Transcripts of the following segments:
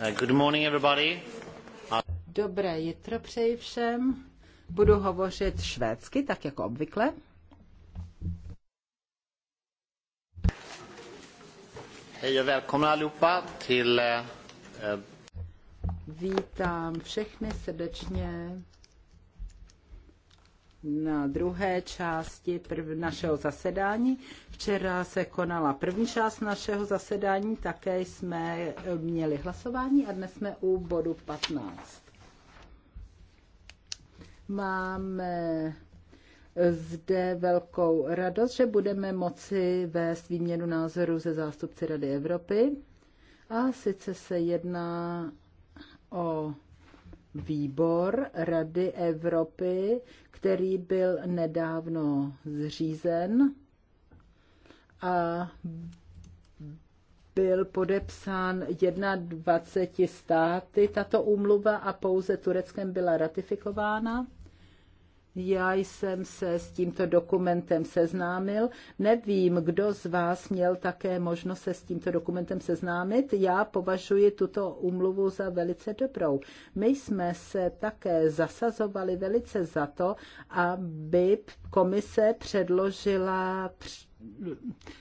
Uh, Dobré jitro přeji všem. Budu hovořit švédsky, tak jako obvykle. Hej välkomna allihopa till... Eh, eh, Vítám všechny srdečně na druhé části prv, našeho zasedání. Včera se konala první část našeho zasedání, také jsme eh, měli hlasování a dnes jsme u bodu 15. Máme eh, zde velkou radost, že budeme moci vést výměnu názorů ze zástupci Rady Evropy. A sice se jedná o výbor Rady Evropy, který byl nedávno zřízen a byl podepsán 21 státy tato úmluva a pouze Tureckem byla ratifikována. Já jsem se s tímto dokumentem seznámil. Nevím, kdo z vás měl také možnost se s tímto dokumentem seznámit. Já považuji tuto umluvu za velice dobrou. My jsme se také zasazovali velice za to, aby komise předložila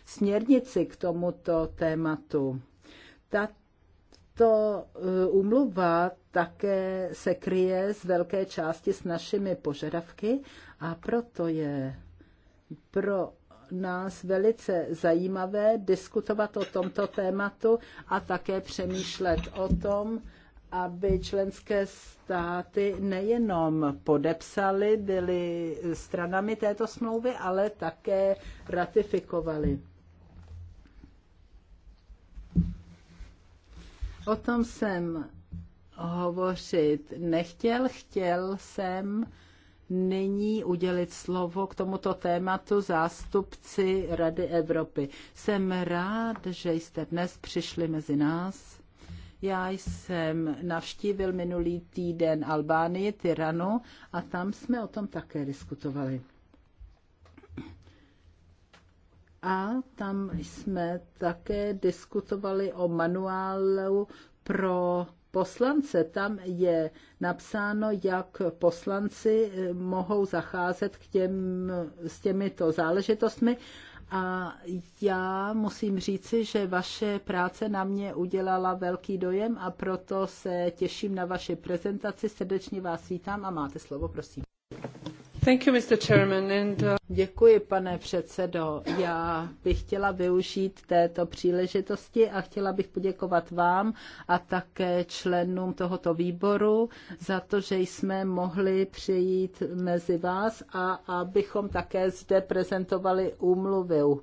směrnici k tomuto tématu. Tato umluva eh, také se kryje z velké části s našimi požadavky a proto je pro nás velice zajímavé diskutovat o tomto tématu a také přemýšlet o tom, aby členské státy nejenom podepsali, byly stranami této smlouvy, ale také ratifikovali. O tom jsem hovořit nechtěl, chtěl jsem nyní udělit slovo k tomuto tématu zástupci Rady Evropy. Jsem rád, že jste dnes přišli mezi nás. Já jsem navštívil minulý týden Albánii, Tyranu, a tam jsme o tom také diskutovali. A tam jsme také diskutovali o manuálu pro poslance, tam je napsáno, jak poslanci eh, mohou zacházet k těm, s těmito záležitostmi. A já musím říci, že vaše práce na mě udělala velký dojem a proto se těším na vaši prezentaci. Srdečně vás vítám a máte slovo, prosím. Uh, Děkuji, pane předsedo. Já bych chtěla využít této příležitosti a chtěla bych poděkovat vám a také členům tohoto výboru za to, že jsme mohli přijít mezi vás a abychom také zde prezentovali úmluvu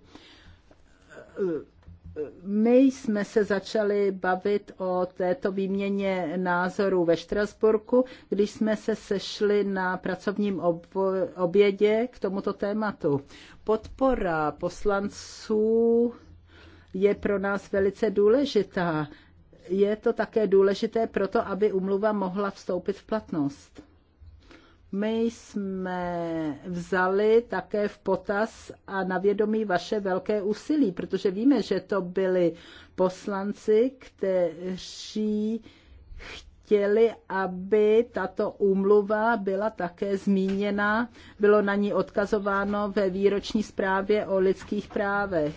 my jsme se začali bavit o této výměně názorů ve Štrasburku, když jsme se sešli na pracovním obědě k tomuto tématu. Podpora poslanců je pro nás velice důležitá. Je to také důležité proto, aby umluva mohla vstoupit v platnost. My jsme vzali také v potaz a na vědomí vaše velké úsilí, protože víme, že to byli poslanci, kteří chtěli, aby tato úmluva byla také zmíněna, bylo na ní odkazováno ve výroční zprávě o lidských právech.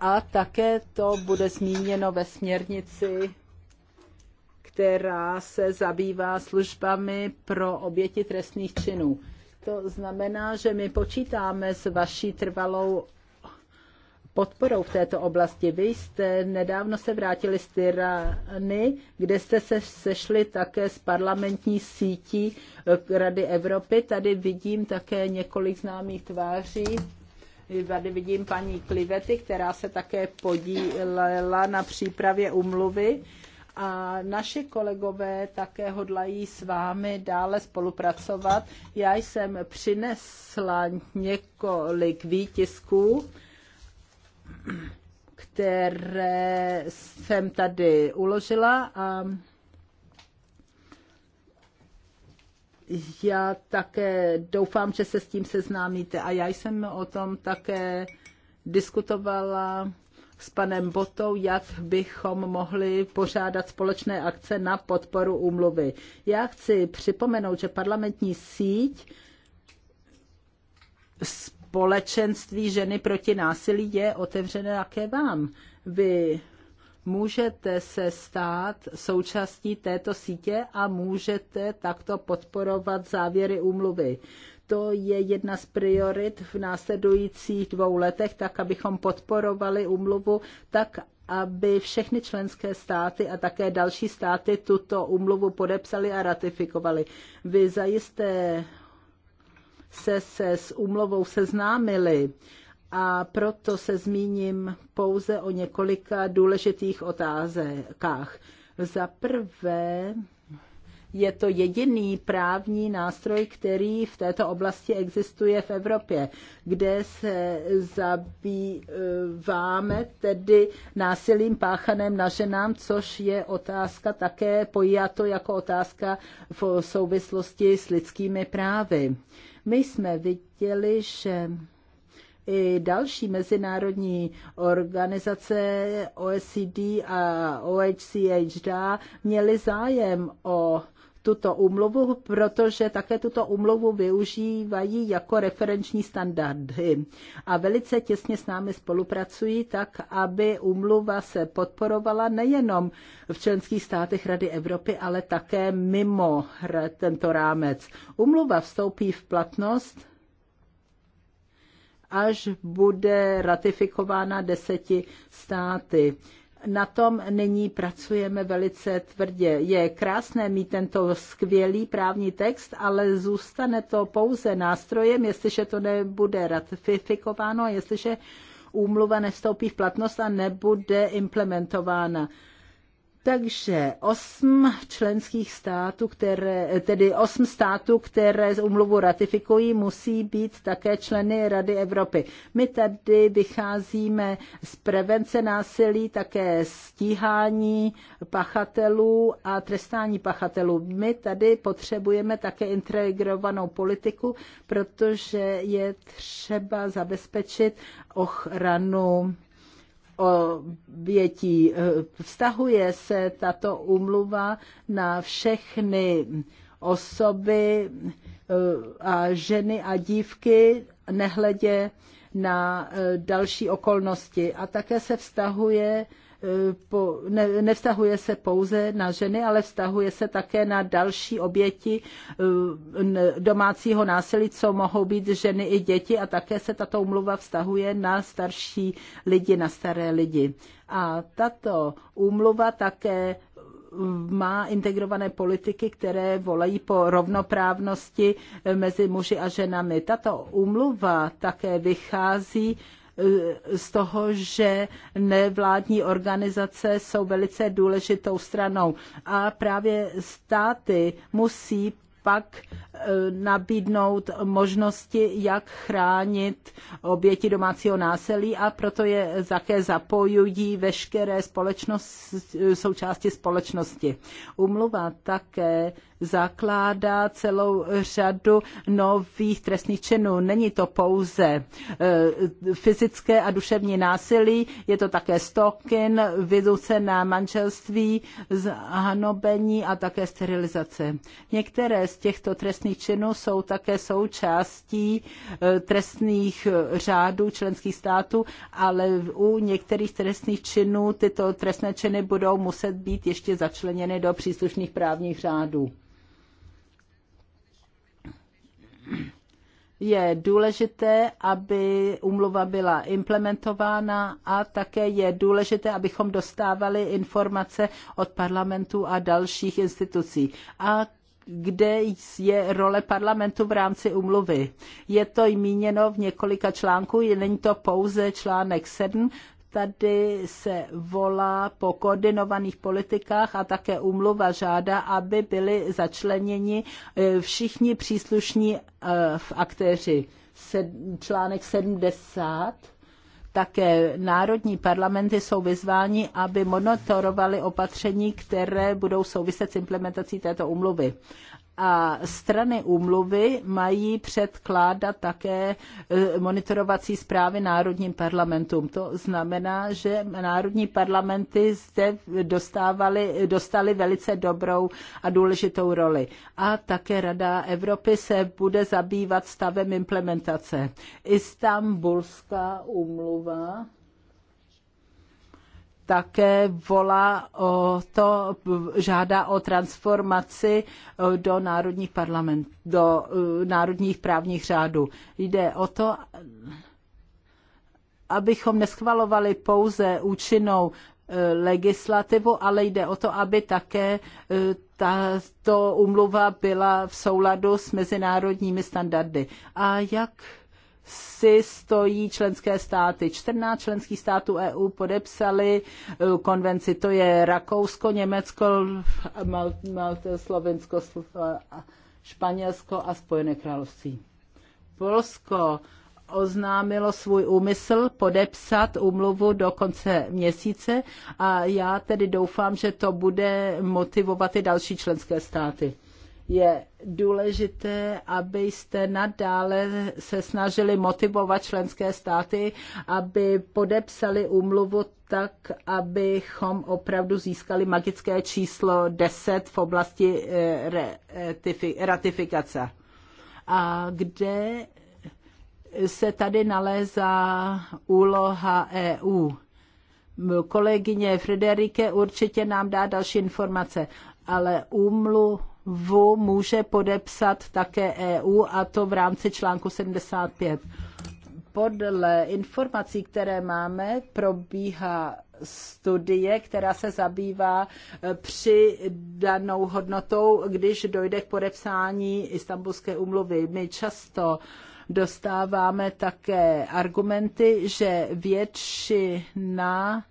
A také to bude zmíněno ve směrnici která se zabývá službami pro oběti trestných činů. To znamená, že my počítáme s vaší trvalou podporou v této oblasti. Vy jste nedávno se vrátili z Tyrany, kde jste se sešli také s parlamentní sítí Rady Evropy. Tady vidím také několik známých tváří. Tady vidím paní Klivety, která se také podílela na přípravě umluvy a naši kolegové také hodlají s vámi dále spolupracovat. Já jsem přinesla několik výtisků, které jsem tady uložila a já také doufám, že se s tím seznámíte. A já jsem o tom také diskutovala s panem Botou, jak bychom mohli pořádat společné akce na podporu úmluvy. Já chci připomenout, že parlamentní síť společenství ženy proti násilí je otevřené také vám. Vy můžete se stát součástí této sítě a můžete takto podporovat závěry úmluvy to je jedna z priorit v následujících dvou letech, tak abychom podporovali umluvu, tak aby všechny členské státy a také další státy tuto umluvu podepsali a ratifikovali. Vy zajisté se, se s umluvou seznámili a proto se zmíním pouze o několika důležitých otázkách. Za prvé, je to jediný právní nástroj, který v této oblasti existuje v Evropě, kde se zabýváme tedy násilím páchaném na ženám, což je otázka také pojato jako otázka v souvislosti s lidskými právy. My jsme viděli, že i další mezinárodní organizace OECD a OHCHD měly zájem o tuto úmluvu, protože také tuto úmluvu využívají jako referenční standardy a velice těsně s námi spolupracují tak, aby úmluva se podporovala nejenom v členských státech Rady Evropy, ale také mimo tento rámec. Úmluva vstoupí v platnost až bude ratifikována deseti státy. Na tom nyní pracujeme velice tvrdě. Je krásné mít tento skvělý právní text, ale zůstane to pouze nástrojem, jestliže to nebude ratifikováno jestliže úmluva nestoupí v platnost a nebude implementována. Takže osm členských států, které, tedy osm států, které z umluvu ratifikují, musí být také členy Rady Evropy. My tady vycházíme z prevence násilí, také stíhání pachatelů a trestání pachatelů. My tady potřebujeme také integrovanou politiku, protože je třeba zabezpečit ochranu obětí. Vztahuje se tato umluva na všechny osoby eh, a ženy a dívky, nehledě na eh, další okolnosti. A také se vztahuje po, ne, nevztahuje se pouze na ženy, ale vztahuje se také na další oběti eh, domácího násilí, co mohou být ženy i děti a také se tato umluva vztahuje na starší lidi, na staré lidi. A tato umluva také má integrované politiky, které volají po rovnoprávnosti mezi muži a ženami. Tato úmluva také vychází Eh, z toho, že nevládní organizace jsou velice důležitou stranou. A právě státy musí pak eh, nabídnout možnosti, jak chránit oběti domácího násilí a proto je také zapojují veškeré společnost, eh, součásti společnosti. Umluva také zakládá celou řadu nových trestných činů. Není to pouze e, fyzické a duševní násilí, je to také stokin, vyducená manželství, zhanobení a také sterilizace. Některé z těchto trestných činů jsou také součástí e, trestných e, řádů členských států, ale u některých trestných činů tyto trestné činy budou muset být ještě začleněny do příslušných právních řádů je důležité, aby umluva byla implementována a také je důležité, abychom dostávali informace od parlamentu a dalších institucí. A kde je role parlamentu v rámci umluvy. Je to jmíněno v několika článků, není to pouze článek 7, Tady se volá po koordinovaných politikách a také umluva žádá, aby byli začleněni eh, všichni příslušní eh, v aktéři. Článek 70 také národní parlamenty jsou vyzváni, aby monitorovali opatření, které budou souviset s implementací této umluvy a strany úmluvy mají předkládat také e, monitorovací zprávy národním parlamentům. To znamená, že národní parlamenty zde dostávali, dostali velice dobrou a důležitou roli. A také Rada Evropy se bude zabývat stavem implementace. Istanbulská úmluva také volá o to, žádá o transformaci e, do národních parlament, do e, národních právních řádů. Jde o to, abychom neschvalovali pouze účinnou e, legislativu, ale jde o to, aby také tato umluva byla v souladu s mezinárodními standardy. A jak si stojí členské státy. 14 členských států EU podepsali eh, konvenci, to je Rakousko, Německo, Malta, Slovensko, Španělsko a Spojené království. Polsko oznámilo svůj úmysl podepsat úmluvu do konce měsíce a já tedy doufám, že to bude motivovat i další členské státy je důležité, abyste nadále se snažili motivovat členské státy, aby podepsali úmluvu tak, abychom opravdu získali magické číslo 10 v oblasti eh, ratifikace. A kde se tady nalézá úloha EU? Kolegyně Frederike určitě nám dá další informace, ale úmluvu v může podepsat také EU a to v rámci článku 75. Podle informací, které máme, probíhá studie, která se zabývá eh, přidanou hodnotou, když dojde k podepsání Istanbulské umluvy. My často dostáváme také argumenty, že většina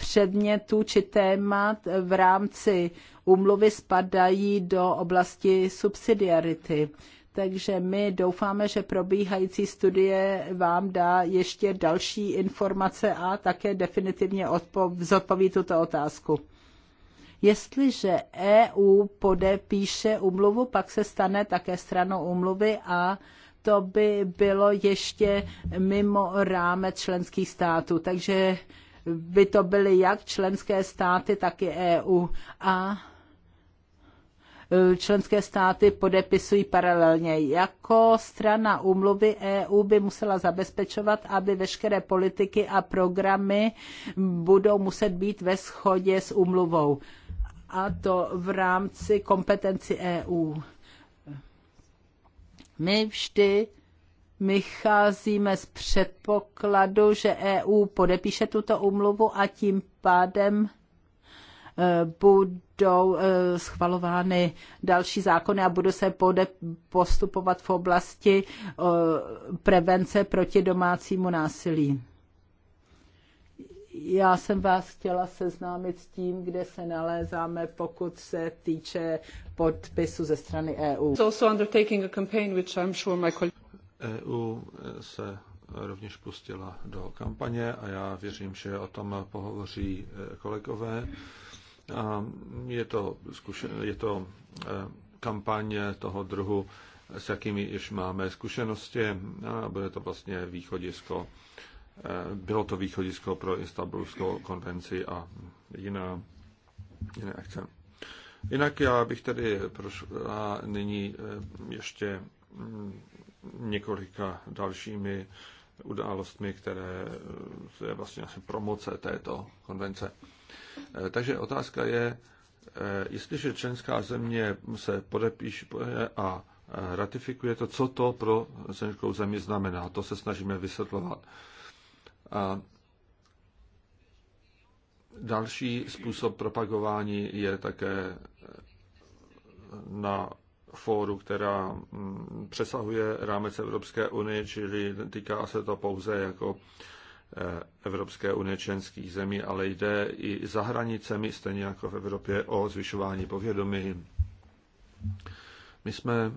předmětů či témat v rámci úmluvy spadají do oblasti subsidiarity. Takže my doufáme, že probíhající studie vám dá ještě další informace a také definitivně zodpoví tuto otázku. Jestliže EU podepíše umluvu, pak se stane také stranou umluvy a to by bylo ještě mimo rámec členských států. Takže by to byly jak členské státy, tak i EU. A e, členské státy podepisují paralelně. Jako strana úmluvy EU by musela zabezpečovat, aby veškeré politiky a programy budou muset být ve shodě s úmluvou. A to v rámci kompetenci EU. My vždy Mycházíme z předpokladu, že EU podepíše tuto umluvu a tím pádem e, budou e, schvalovány další zákony a budou se postupovat v oblasti e, prevence proti domácímu násilí. Já jsem vás chtěla seznámit s tím, kde se nalézáme, pokud se týče podpisu ze strany EU. EU e, se rovněž pustila do kampaně a já věřím, že o tom pohovoří e, kolegové. A je to, zkušen, je to e, kampaně toho druhu, s jakými již máme zkušenosti a bude to vlastně východisko, bylo to východisko pro Istanbulskou konvenci a jiná, jiné akce. Jinak já bych tedy prošla nyní ještě mm, několika dalšími událostmi, které je vlastně asi promoce této konvence. Eh, takže otázka je, eh, jestliže členská země se podepíše a eh, ratifikuje to, co to pro členskou zemi znamená. To se snažíme vysvětlovat. A další způsob propagování je také na fóru, která mm, přesahuje rámec Evropské unie, čili týká se to pouze jako eh, Evropské unie členských zemí, ale jde i za hranicemi, stejně jako v Evropě, o zvyšování povědomí. My jsme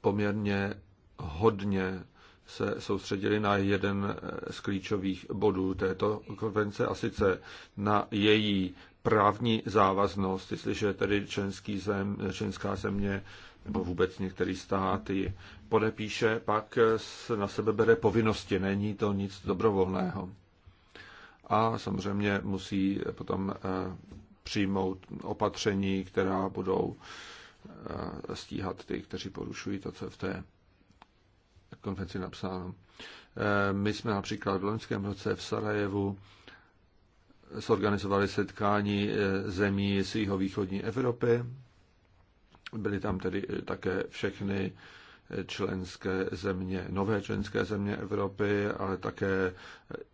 poměrně hodně se soustředili na jeden eh, z klíčových bodů této konvence, a sice na její právní závaznost, jestliže tedy členský zem, členská země nebo vůbec některý stát ji podepíše, pak se na sebe bere povinnosti, není to nic dobrovolného. A samozřejmě musí potom eh, přijmout opatření, která budou eh, stíhat ty, kteří porušují to, co je v té konvenci napsáno. Eh, my jsme například v loňském roce v Sarajevu zorganizovali setkání eh, zemí z východní Evropy. Byly tam tedy eh, také všechny eh, členské země, nové členské země Evropy, ale také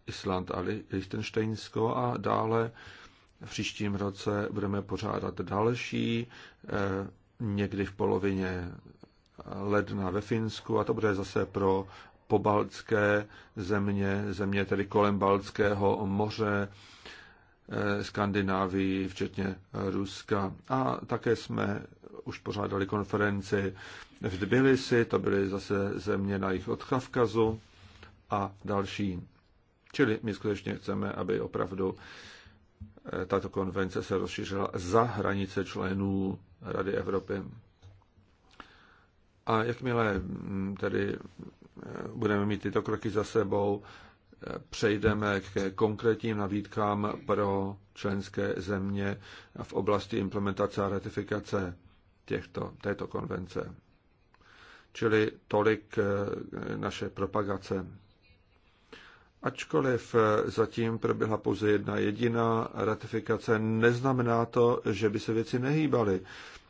Island a Liechtensteinsko a dále v příštím roce budeme pořádat další, někdy v polovině ledna ve Finsku a to bude zase pro pobaltské země, země tedy kolem Baltského moře, Eh, Skandinávii, včetně Ruska. A také jsme už pořádali konferenci v Tbilisi, to byly zase země na jich od Kavkazu a další. Čili my skutečně chceme, aby opravdu eh, tato konvence se rozšířila za hranice členů Rady Evropy. A jakmile mm, tedy eh, budeme mít tyto kroky za sebou, přejdeme k konkrétním nabídkám pro členské země v oblasti implementace a ratifikace těchto, této konvence. Čili tolik eh, naše propagace. Ačkoliv eh, zatím proběhla pouze jedna jediná ratifikace, neznamená to, že by se věci nehýbaly.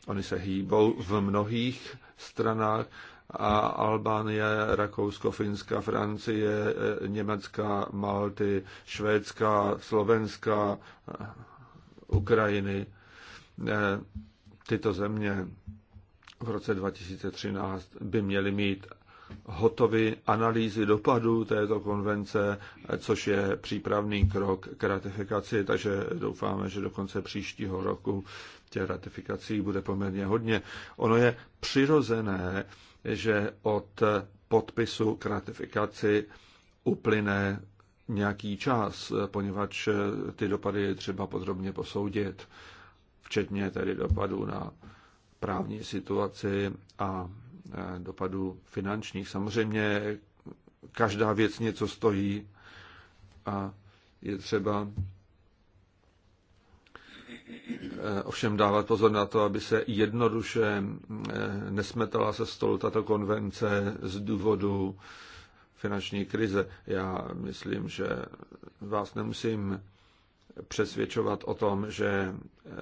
Oni se hýbou v mnohých stranách a Albánie, Rakousko, Finska, Francie, Německa, Malty, Švédska, Slovenska, Ukrajiny. Eh, tyto země v roce 2013 by měly mít hotovy analýzy dopadů této konvence, což je přípravný krok k ratifikaci, takže doufáme, že do konce příštího roku těch ratifikací bude poměrně hodně. Ono je přirozené, že od podpisu k ratifikaci uplyne nějaký čas, poněvadž ty dopady je třeba podrobně posoudit, včetně tedy dopadů na právní situaci a e, dopadů finančních. Samozřejmě každá věc něco stojí a je třeba Eh, ovšem dávat pozor na to, aby se jednoduše eh, nesmetala se stolu tato konvence z důvodu finanční krize. Já myslím, že vás nemusím přesvědčovat o tom, že eh,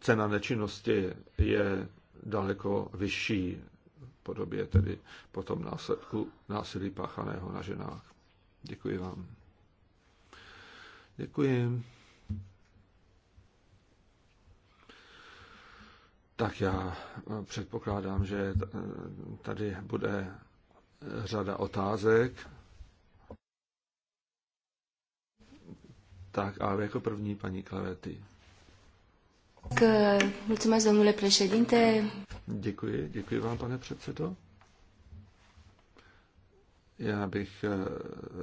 cena nečinnosti je daleko vyšší v podobě tedy potom následku násilí páchaného na ženách. Děkuji vám. Děkuji. tak já eh, předpokládám, že eh, tady bude eh, řada otázek. Tak a jako první paní Klavety. K, mulțumesc, domnule președinte. Děkuji, děkuji vám, pane předsedo. Já bych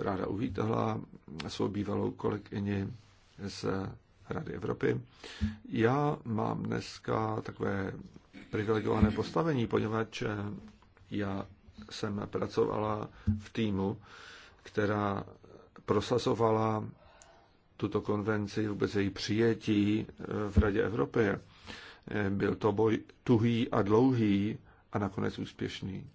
ráda uvítala svou bývalou kolegyni z Rady Evropy. Já mám dneska takové privilegované postavení, poněvadž já jsem pracovala v týmu, která prosazovala tuto konvenci, vůbec její přijetí v Radě Evropy. Byl to boj tuhý a dlouhý a nakonec úspěšný.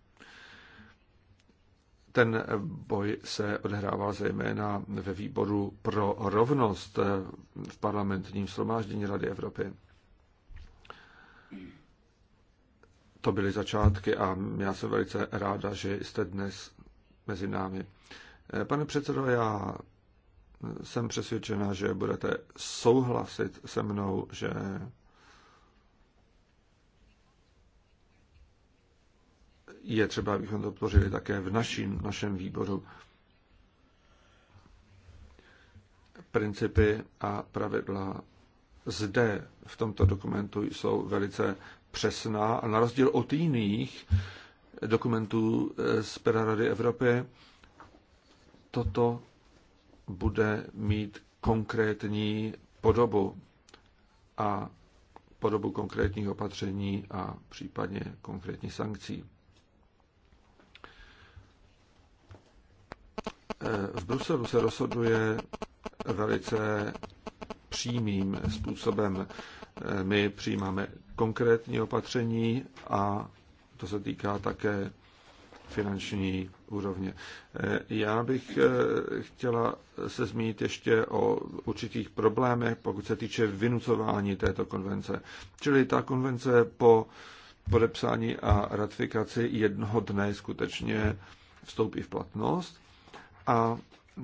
Ten boj se odehrával zejména ve výboru pro rovnost v parlamentním shromáždění Rady Evropy. To byly začátky a já jsem velice ráda, že jste dnes mezi námi. Pane předsedo, já jsem přesvědčena, že budete souhlasit se mnou, že je třeba, abychom to podpořili také v našim, našem výboru. Principy a pravidla zde v tomto dokumentu jsou velice přesná a na rozdíl od jiných dokumentů eh, z pera Rady Evropy toto bude mít konkrétní podobu a podobu konkrétních opatření a případně konkrétních sankcí. Eh, v Bruselu se rozhoduje velice přímým způsobem. Eh, my přijímáme konkrétní opatření a to se týká také finanční úrovně. Eh, já bych chtěla se zmínit ještě o určitých problémech, pokud se týče vynucování této konvence. Čili ta konvence po podepsání a ratifikaci jednoho dne skutečně vstoupí v platnost a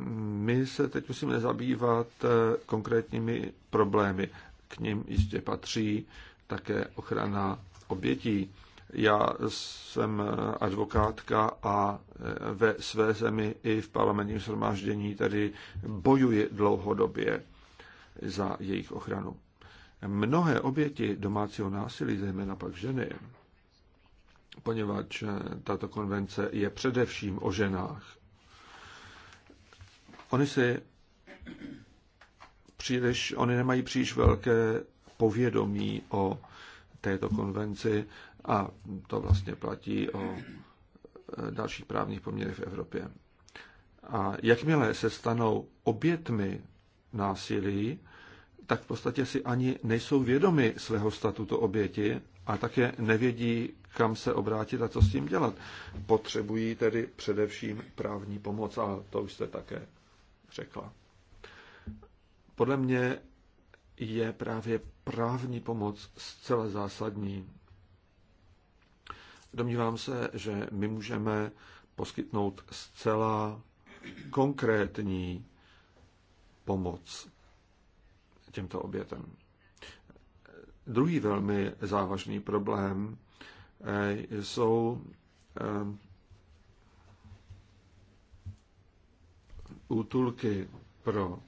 my se teď musíme zabývat eh, konkrétními problémy. K ním jistě patří také ochrana obětí. Já jsem eh, advokátka a eh, ve své zemi i v parlamentním shromáždění tedy bojuji dlouhodobě za jejich ochranu. Mnohé oběti domácího násilí, zejména pak ženy, poněvadž tato konvence je především o ženách, Oni si příliš, oni nemají příliš velké povědomí o této konvenci a to vlastně platí o e, dalších právních poměrech v Evropě. A jakmile se stanou obětmi násilí, tak v podstatě si ani nejsou vědomi svého statutu oběti a také nevědí, kam se obrátit a co s tím dělat. Potřebují tedy především právní pomoc a to už jste také řekla. Podle mě je právě právní pomoc zcela zásadní. Domnívám se, že my můžeme poskytnout zcela konkrétní pomoc těmto obětem. Druhý velmi závažný problém eh, jsou eh, útulky pro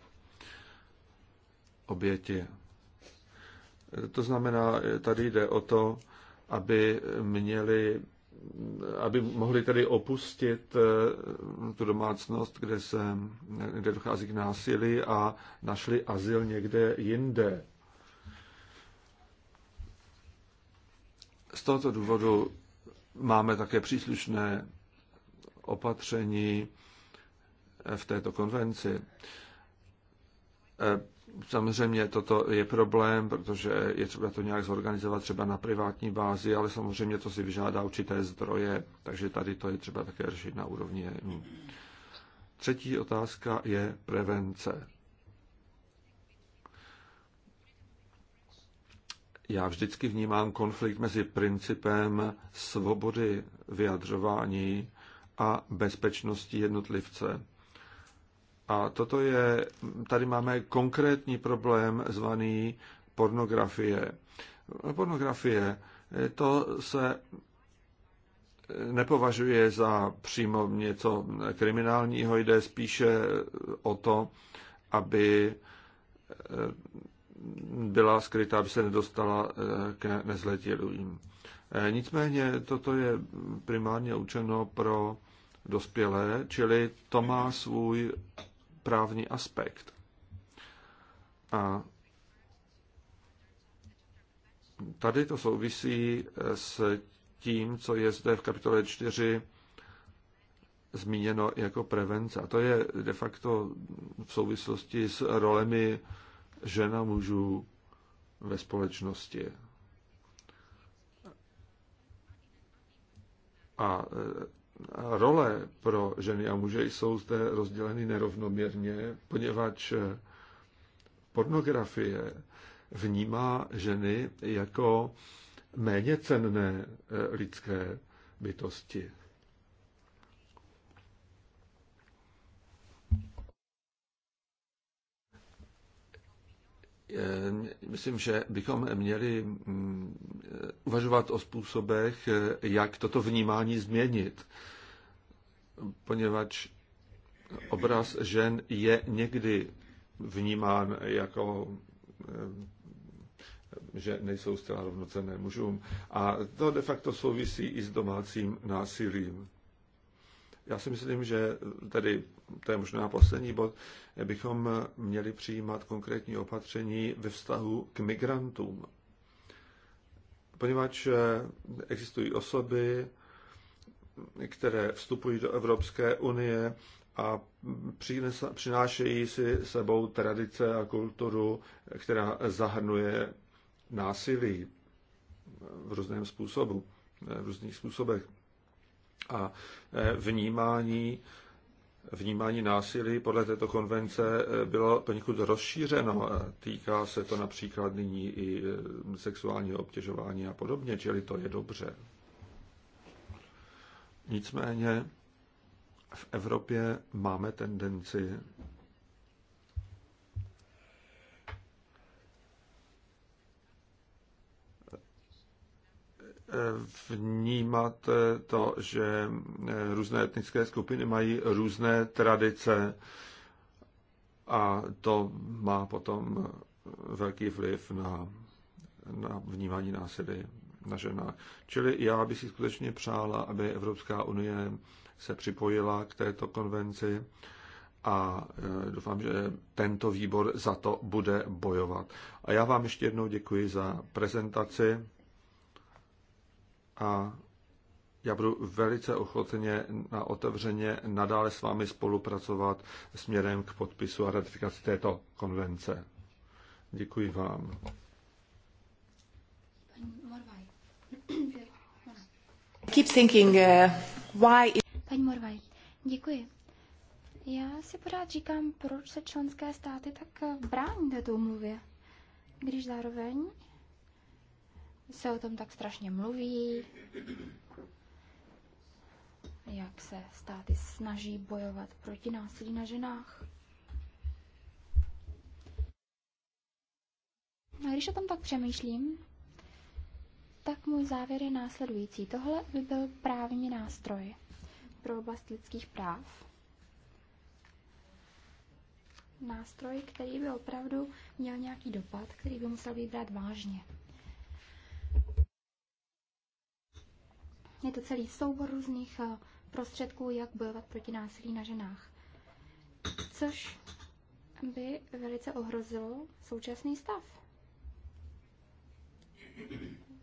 oběti. To znamená, tady jde o to, aby měli aby mohli tady opustit eh, tu domácnost, kde, se, kde dochází k násilí a našli azyl někde jinde. Z tohoto důvodu máme také příslušné opatření v této konvenci. E, samozřejmě toto je problém, protože je třeba to nějak zorganizovat třeba na privátní bázi, ale samozřejmě to si vyžádá určité zdroje, takže tady to je třeba také řešit na úrovni e Třetí otázka je prevence. Já vždycky vnímám konflikt mezi principem svobody vyjadřování a bezpečnosti jednotlivce. A toto je, tady máme konkrétní problém zvaný pornografie. Pornografie, to se nepovažuje za přímo něco kriminálního, jde spíše o to, aby eh, byla skrytá, aby se nedostala eh, k nezletilým. Eh, nicméně toto je primárně učeno pro dospělé, čili to má svůj právní aspekt. A tady to souvisí eh, s tím, co je zde v kapitole 4 zmíněno jako prevence. A to je de facto v souvislosti s rolemi žena mužů ve společnosti. A eh, role pro ženy a muže jsou zde rozděleny nerovnoměrně, poněvadž pornografie vnímá ženy jako méně cenné lidské bytosti. Eh, myslím, že bychom měli mm, uvažovat o způsobech, eh, jak toto vnímání změnit, poněvadž obraz žen je někdy vnímán jako eh, že nejsou zcela rovnocenné mužům. A to de facto souvisí i s domácím násilím. Já si myslím, že tedy, to je možná poslední bod, bychom měli přijímat konkrétní opatření ve vztahu k migrantům. Poněvadž eh, existují osoby, které vstupují do Evropské unie a přinášejí si sebou tradice a kulturu, která zahrnuje násilí v různém způsobu, eh, v různých způsobech a e, vnímání, vnímání násilí podle této konvence e, bylo poněkud rozšířeno. Týká se to například nyní i e, sexuálního obtěžování a podobně, čili to je dobře. Nicméně v Evropě máme tendenci vnímat eh, to, že eh, různé etnické skupiny mají různé tradice a to má potom velký vliv na, na vnímání násilí na ženách. Čili já bych si skutečně přála, aby Evropská unie se připojila k této konvenci a eh, doufám, že tento výbor za to bude bojovat. A já vám ještě jednou děkuji za prezentaci a já budu velice ochotně a otevřeně nadále s vámi spolupracovat směrem k podpisu a ratifikaci této konvence. Děkuji vám. Keep thinking, uh, why... Paní Morvaj, děkuji. Já si pořád říkám, proč se členské státy tak brání této umluvě, když zároveň se o tom tak strašně mluví, jak se státy snaží bojovat proti násilí na ženách. A když o tom tak přemýšlím, tak můj závěr je následující. Tohle by byl právní nástroj pro oblast lidských práv. Nástroj, který by opravdu měl nějaký dopad, který by musel být brát vážně. vlastně to celý soubor různých eh, prostředků, jak bojovat proti násilí na ženách. Což by velice ohrozilo současný stav.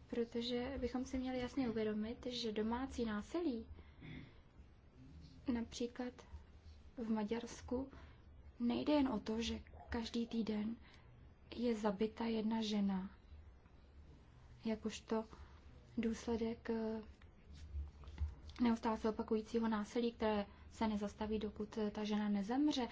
Protože bychom si měli jasně uvědomit, že domácí násilí, například v Maďarsku, nejde jen o to, že každý týden je zabita jedna žena, jakožto důsledek eh, neustále se opakujícího násilí, které se nezastaví, dokud eh, ta žena nezemře.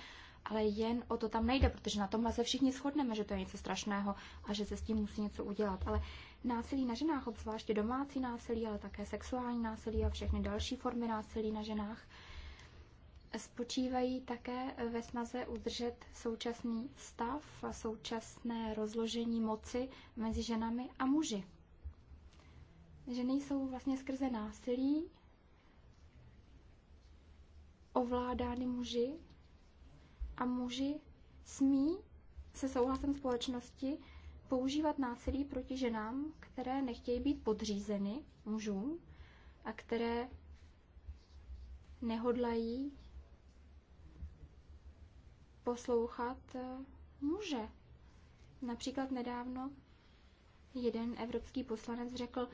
Ale jen o to tam nejde, protože na tomhle se všichni shodneme, že to je něco strašného a že se s tím musí něco udělat. Ale násilí na ženách, obzvláště domácí násilí, ale také sexuální násilí a všechny další formy násilí na ženách, spočívají také ve snaze udržet současný stav a současné rozložení moci mezi ženami a muži. Ženy jsou vlastně skrze násilí ovládány muži a muži smí se souhlasem společnosti používat násilí proti ženám, které nechtějí být podřízeny mužům a které nehodlají poslouchat eh, muže. Například nedávno jeden evropský poslanec řekl,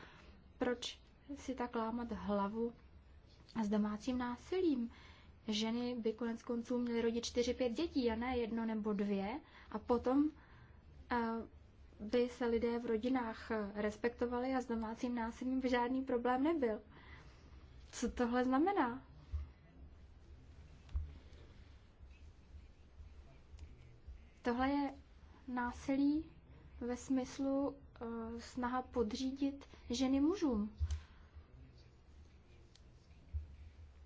proč si tak lámat hlavu s domácím násilím ženy by konec konců měly rodit 4-5 dětí a ne jedno nebo dvě a potom eh, by se lidé v rodinách eh, respektovali a s domácím násilím by žádný problém nebyl. Co tohle znamená? Tohle je násilí ve smyslu uh, snaha podřídit ženy mužům.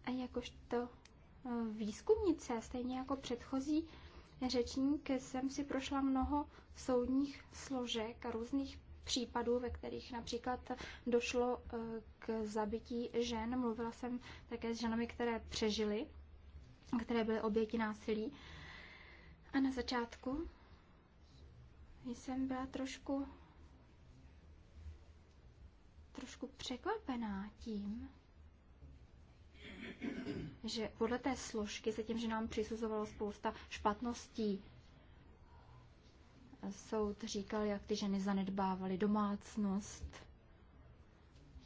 A jakožto výzkumnice, stejně jako předchozí řečník, jsem si prošla mnoho soudních složek a různých případů, ve kterých například došlo eh, k zabití žen. Mluvila jsem také s ženami, které přežily, které byly oběti násilí. A na začátku jsem byla trošku trošku překvapená tím, že podle té složky se tím, že nám přisuzovalo spousta špatností, soud říkal, jak ty ženy zanedbávaly domácnost,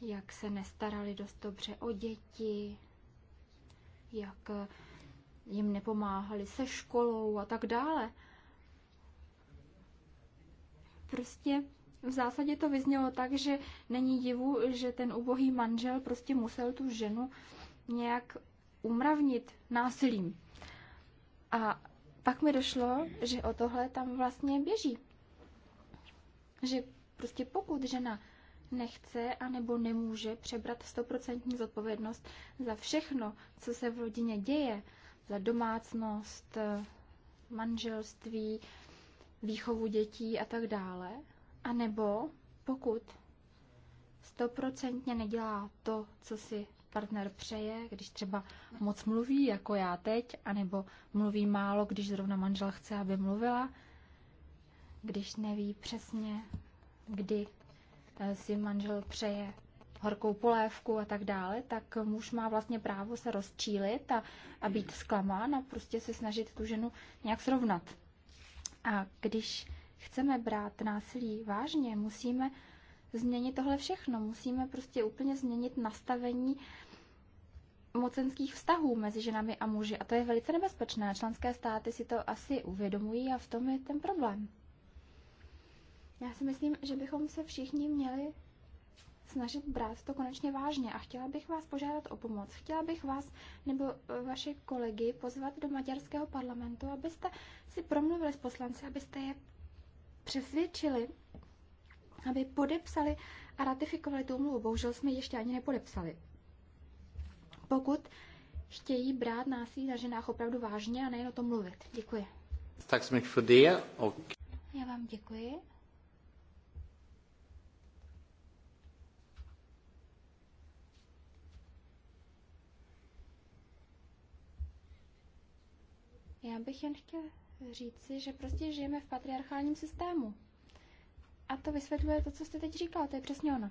jak se nestarali dost dobře o děti, jak jim nepomáhali se školou a tak dále. Prostě v zásadě to vyznělo tak, že není divu, že ten ubohý manžel prostě musel tu ženu nějak umravnit násilím. A pak mi došlo, že o tohle tam vlastně běží. Že prostě pokud žena nechce a nebo nemůže přebrat stoprocentní zodpovědnost za všechno, co se v rodině děje, za domácnost, manželství, výchovu dětí a tak dále, a nebo pokud stoprocentně nedělá to, co si partner přeje, když třeba moc mluví, jako já teď, anebo mluví málo, když zrovna manžel chce, aby mluvila, když neví přesně, kdy eh, si manžel přeje horkou polévku a tak dále, tak muž má vlastně právo se rozčílit a, a být zklamán a prostě se snažit tu ženu nějak srovnat. A když chceme brát násilí vážně, musíme změnit tohle všechno. Musíme prostě úplně změnit nastavení mocenských vztahů mezi ženami a muži. A to je velice nebezpečné. Členské státy si to asi uvědomují a v tom je ten problém. Já si myslím, že bychom se všichni měli snažit brát to konečně vážně a chtěla bych vás požádat o pomoc. Chtěla bych vás nebo eh, vaše kolegy pozvat do maďarského parlamentu, abyste si promluvili s poslanci, abyste je přesvědčili, aby podepsali a ratifikovali tu umluvu. Bohužel jsme ji ještě ani nepodepsali pokud chtějí brát násilí na ženách opravdu vážně a nejen o tom mluvit. Děkuji. Tak jsme k det Já vám děkuji. Já bych jen chtěl říci, že prostě žijeme v patriarchálním systému. A to vysvětluje to, co jste teď říkal, to je přesně ono.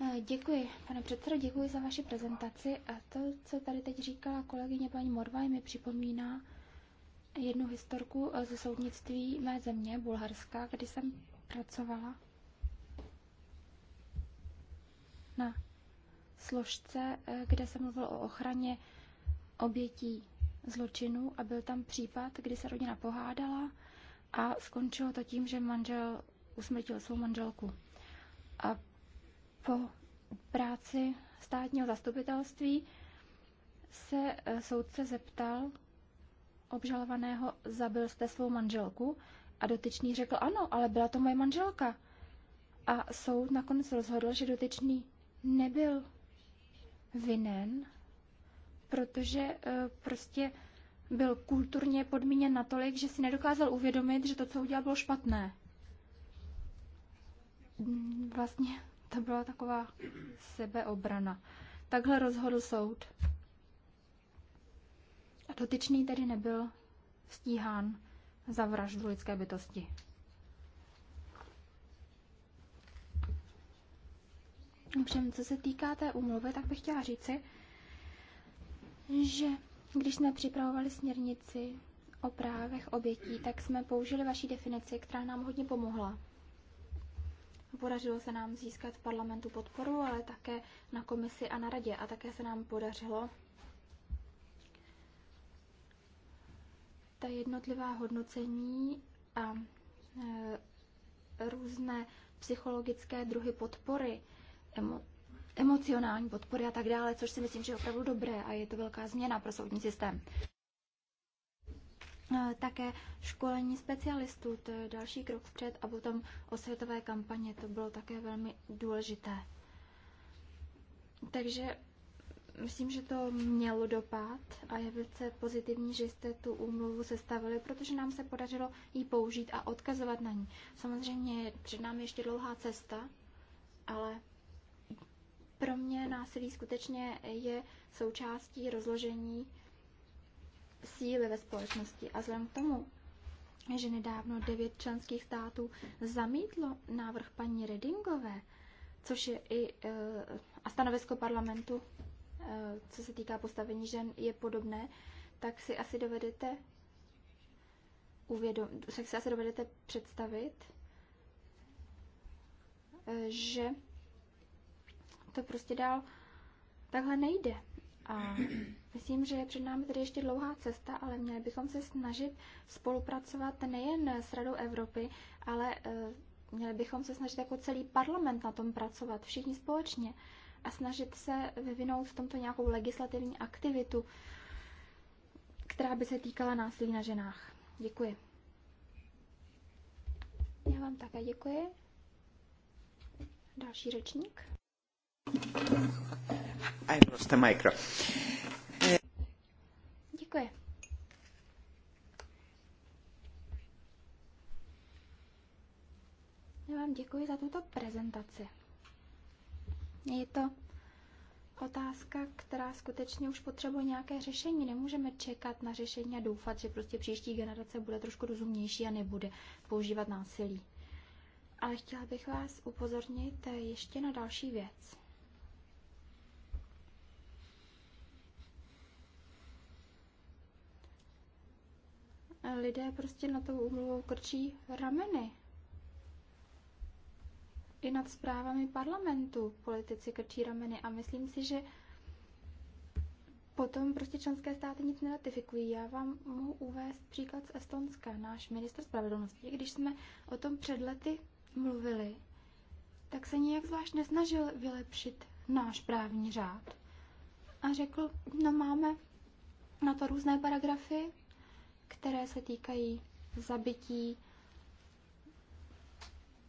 Eh, děkuji, pane předsedo, děkuji za vaši prezentaci a to, co tady teď říkala kolegyně paní Morvaj, mi připomíná jednu historku eh, ze soudnictví mé země, Bulharska, kdy jsem pracovala na složce, eh, kde se mluvil o ochraně obětí zločinu a byl tam případ, kdy se rodina pohádala a skončilo to tím, že manžel usmrtil svou manželku. A po práci státního zastupitelství se e, soudce zeptal obžalovaného, zabil jste svou manželku? A dotyčný řekl, ano, ale byla to moje manželka. A soud nakonec rozhodl, že dotyčný nebyl vinen, protože e, prostě byl kulturně podmíněn natolik, že si nedokázal uvědomit, že to, co udělal, bylo špatné. Vlastně to byla taková sebeobrana. Takhle rozhodl soud. A dotyčný tedy nebyl stíhán za vraždu lidské bytosti. Ovšem, co se týká té umluvy, tak bych chtěla říci, že když jsme připravovali směrnici o právech obětí, tak jsme použili vaší definici, která nám hodně pomohla. Podařilo se nám získat v parlamentu podporu, ale také na komisi a na radě. A také se nám podařilo ta jednotlivá hodnocení a e, různé psychologické druhy podpory, emo, emocionální podpory a tak dále, což si myslím, že je opravdu dobré a je to velká změna pro soudní systém. Eh, také školení specialistů, to je další krok vpřed a potom osvětové kampaně, to bylo také velmi důležité. Takže myslím, že to mělo dopad a je velice pozitivní, že jste tu úmluvu sestavili, protože nám se podařilo ji použít a odkazovat na ní. Samozřejmě je před námi ještě dlouhá cesta, ale pro mě násilí skutečně je součástí rozložení síly ve společnosti. A vzhledem k tomu, že nedávno devět členských států zamítlo návrh paní Redingové, což je i e, a stanovisko parlamentu, e, co se týká postavení žen, je podobné, tak si asi dovedete uvědom, tak si asi dovedete představit, e, že to prostě dál takhle nejde. A myslím, že je před námi tedy ještě dlouhá cesta, ale měli bychom se snažit spolupracovat nejen s Radou Evropy, ale eh, měli bychom se snažit jako celý parlament na tom pracovat, všichni společně a snažit se vyvinout v tomto nějakou legislativní aktivitu, která by se týkala násilí na ženách. Děkuji. Já vám také děkuji. Další řečník. Eh, děkuji. Já vám děkuji za tuto prezentaci. Je to otázka, která skutečně už potřebuje nějaké řešení. Nemůžeme čekat na řešení a doufat, že prostě příští generace bude trošku rozumnější a nebude používat násilí. Ale chtěla bych vás upozornit eh, ještě na další věc. lidé prostě na tou umluvou krčí rameny. I nad zprávami parlamentu politici krčí rameny a myslím si, že potom prostě členské státy nic neratifikují. Já vám mohu uvést příklad z Estonska. Náš minister spravedlnosti, když jsme o tom před lety mluvili, tak se nijak zvlášť nesnažil vylepšit náš právní řád. A řekl, no máme na to různé paragrafy, které se týkají zabití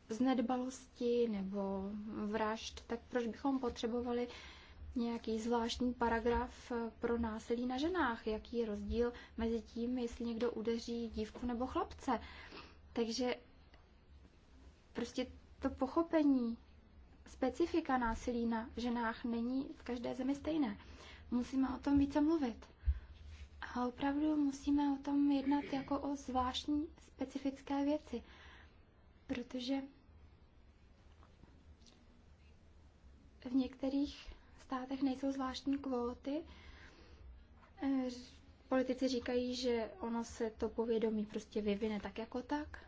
z nedbalosti nebo vražd, tak proč bychom potřebovali nějaký zvláštní paragraf pro násilí na ženách? Jaký je rozdíl mezi tím, jestli někdo udeří dívku nebo chlapce? Takže prostě to pochopení specifika násilí na ženách není v každé zemi stejné. Musíme o tom více mluvit. A opravdu musíme o tom jednat jako o zvláštní specifické věci, protože v některých státech nejsou zvláštní kvóty. Eh, politici říkají, že ono se to povědomí prostě vyvine tak jako tak.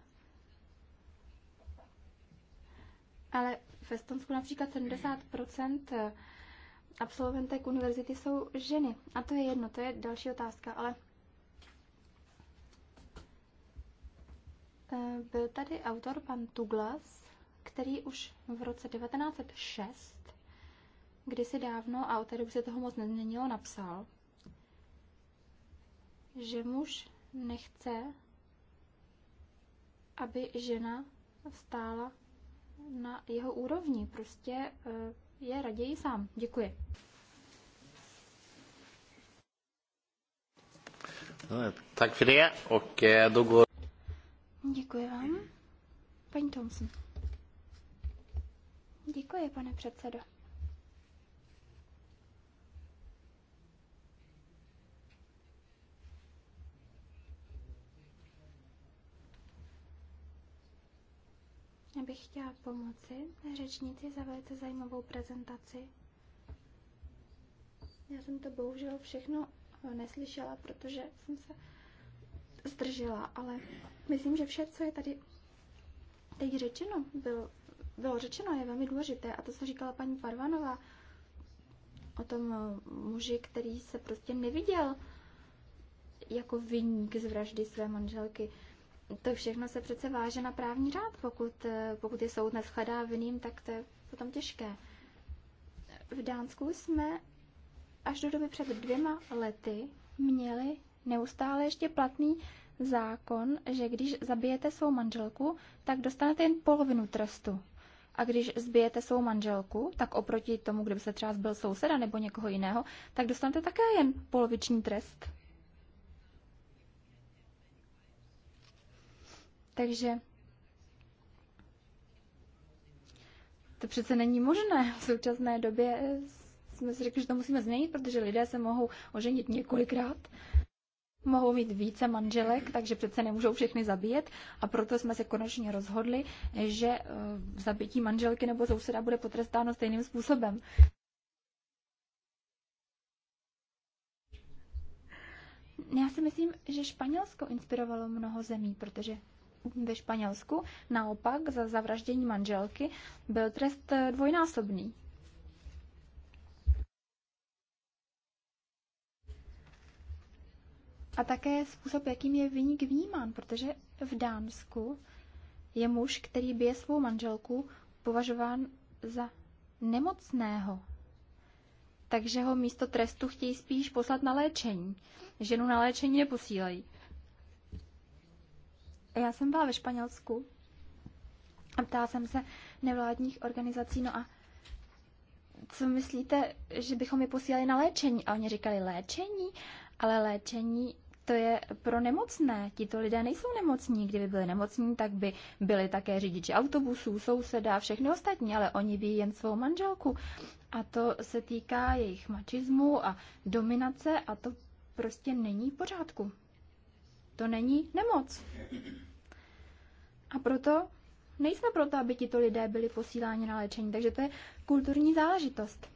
Ale v Estonsku například 70 absolventek univerzity jsou ženy. A to je jedno, to je další otázka, ale eh, byl tady autor pan Tuglas, který už v roce 1906, kdysi dávno, a od té doby se toho moc nezměnilo, napsal, že muž nechce, aby žena stála na jeho úrovni. Prostě eh, je raději sám. Děkuji. No, tak för det. Och då går... Děkuji vám. Paní Thompson. Děkuji, pane předsedo. Já bych chtěla pomoci řečníci za velice zajímavou prezentaci. Já jsem to bohužel všechno eh, neslyšela, protože jsem se zdržela, ale myslím, že vše, co je tady teď řečeno, bylo, bylo řečeno, je velmi důležité. A to, co říkala paní Parvanová o tom eh, muži, který se prostě neviděl jako vyník z vraždy své manželky, to všechno se přece váže na právní řád. Pokud, eh, pokud je soud neschledá vinným, tak to je potom těžké. V Dánsku jsme až do doby před dvěma lety měli neustále ještě platný zákon, že když zabijete svou manželku, tak dostanete jen polovinu trestu. A když zbijete svou manželku, tak oproti tomu, kdyby se třeba byl souseda nebo někoho jiného, tak dostanete také jen poloviční trest. Takže to přece není možné. V současné době jsme si řekli, že to musíme změnit, protože lidé se mohou oženit několikrát, mohou mít více manželek, takže přece nemůžou všechny zabíjet a proto jsme se konečně rozhodli, že eh, zabití manželky nebo souseda bude potrestáno stejným způsobem. Já si myslím, že Španělsko inspirovalo mnoho zemí, protože ve Španělsku naopak za zavraždění manželky byl trest eh, dvojnásobný. A také způsob, jakým je vyník vnímán, protože v Dánsku je muž, který bije svou manželku, považován za nemocného. Takže ho místo trestu chtějí spíš poslat na léčení. Ženu na léčení neposílají. Já jsem byla ve Španělsku a ptala jsem se nevládních organizací, no a co myslíte, že bychom je posílali na léčení? A oni říkali léčení, ale léčení to je pro nemocné. Tito lidé nejsou nemocní. Kdyby byli nemocní, tak by byli také řidiči autobusů, souseda a všechny ostatní, ale oni ví jen svou manželku. A to se týká jejich mačismu a dominace a to prostě není v pořádku. To není nemoc. A proto nejsme proto, aby tito lidé byli posíláni na léčení. Takže to je kulturní záležitost.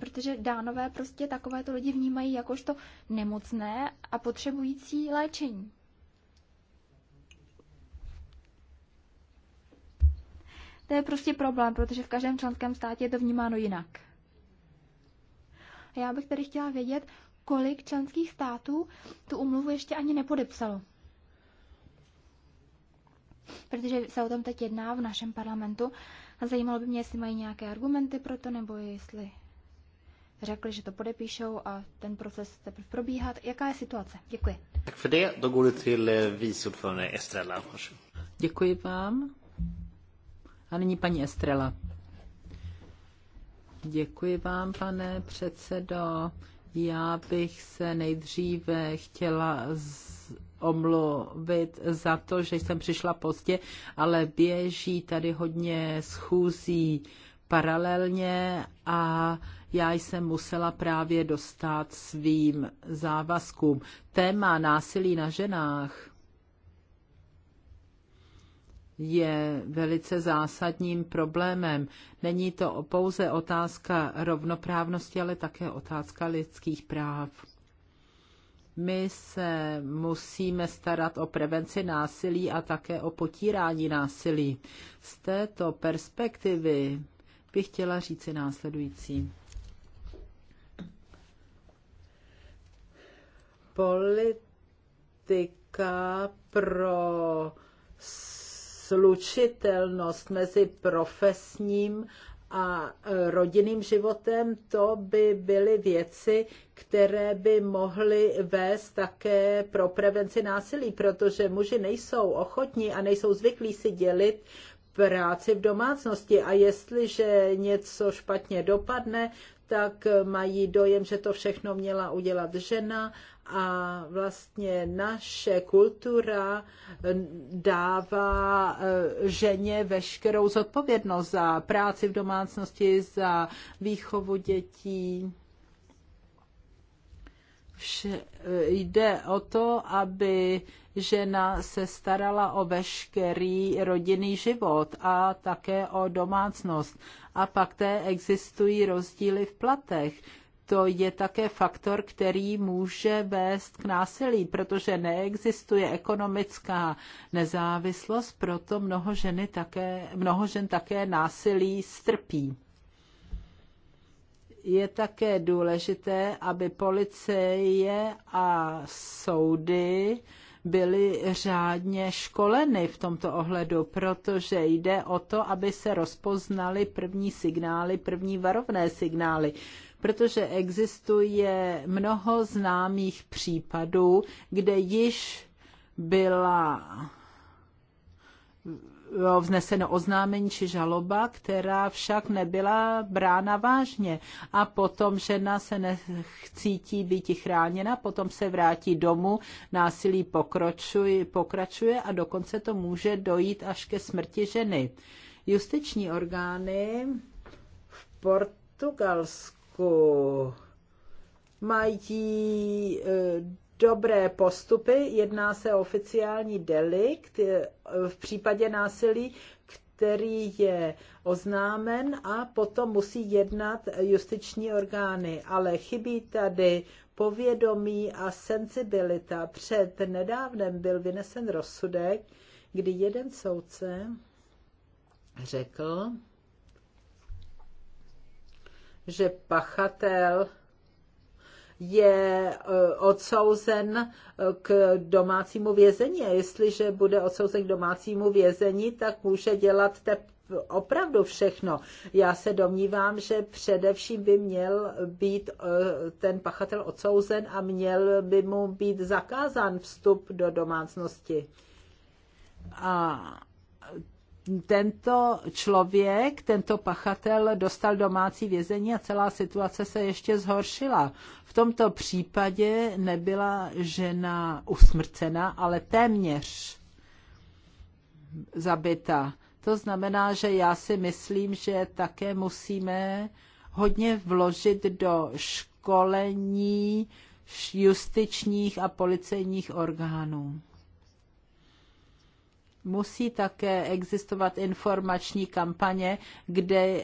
Protože dánové prostě takovéto lidi vnímají jakožto nemocné a potřebující léčení. To je prostě problém, protože v každém členském státě je to vnímáno jinak. A já bych tady chtěla vědět, kolik členských států tu umluvu ještě ani nepodepsalo protože se o tom teď jedná v našem parlamentu a zajímalo by mě, jestli mají nějaké argumenty pro to, nebo jestli řekli, že to podepíšou a ten proces se probíhat. Jaká je situace? Děkuji. Tak för det. Då går det till eh, Estrella. Děkuji vám. A nyní paní Estrela. Děkuji vám, pane předsedo. Já bych se nejdříve chtěla z omluvit za to, že jsem přišla pozdě, ale běží tady hodně schůzí paralelně a já jsem musela právě dostat svým závazkům. Téma násilí na ženách je velice zásadním problémem. Není to pouze otázka rovnoprávnosti, ale také otázka lidských práv. My se musíme starat o prevenci násilí a také o potírání násilí. Z této perspektivy bych chtěla říci následující. Politika pro slučitelnost mezi profesním a e, rodinným životem, to by byly věci, které by mohly vést také pro prevenci násilí, protože muži nejsou ochotní a nejsou zvyklí si dělit práci v domácnosti a jestliže něco špatně dopadne, tak mají dojem, že to všechno měla udělat žena a vlastně naše kultura dává eh, ženě veškerou zodpovědnost za práci v domácnosti, za výchovu dětí. Vše, eh, jde o to, aby žena se starala o veškerý rodinný život a také o domácnost. A pak té existují rozdíly v platech to je také faktor, který může vést k násilí, protože neexistuje ekonomická nezávislost, proto mnoho, ženy také, mnoho žen také násilí strpí. Je také důležité, aby policie a soudy byly řádně školeny v tomto ohledu, protože jde o to, aby se rozpoznaly první signály, první varovné signály protože existuje mnoho známých případů, kde již byla vzneseno oznámení či žaloba, která však nebyla brána vážně. A potom žena se necítí být chráněna, potom se vrátí domů, násilí pokračuje, pokračuje a dokonce to může dojít až ke smrti ženy. Justiční orgány v Portugalsku Německu jako mají eh, dobré postupy, jedná se o oficiální delikt eh, v případě násilí, který je oznámen a potom musí jednat justiční orgány. Ale chybí tady povědomí a sensibilita. Před nedávnem byl vynesen rozsudek, kdy jeden soudce řekl, že pachatel je e, odsouzen e, k domácímu vězení. A jestliže bude odsouzen k domácímu vězení, tak může dělat te opravdu všechno. Já se domnívám, že především by měl být e, ten pachatel odsouzen a měl by mu být zakázán vstup do domácnosti. A tento člověk, tento pachatel dostal domácí vězení a celá situace se ještě zhoršila. V tomto případě nebyla žena usmrcena, ale téměř zabita. To znamená, že já si myslím, že také musíme hodně vložit do školení justičních a policejních orgánů musí také existovat informační kampaně, kde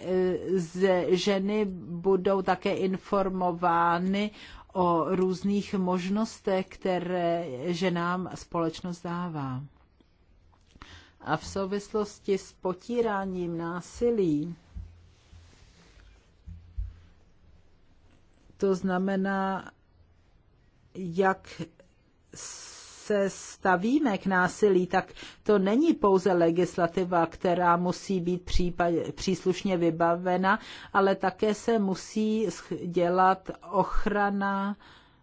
eh, ženy budou také informovány o různých možnostech, které ženám společnost dává. A v souvislosti s potíráním násilí, to znamená, jak se stavíme k násilí, tak to není pouze legislativa, která musí být případ, příslušně vybavena, ale také se musí dělat ochrana,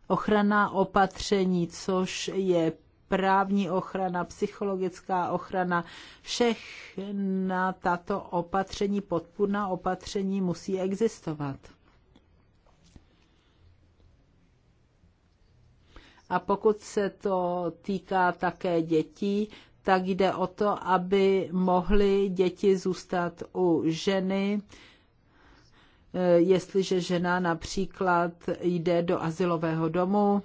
ochrana opatření, což je právní ochrana, psychologická ochrana, všechna tato opatření, podpůrná opatření musí existovat. A pokud se to týká také dětí, tak jde o to, aby mohly děti zůstat u ženy, eh, jestliže žena například jde do asilového domu,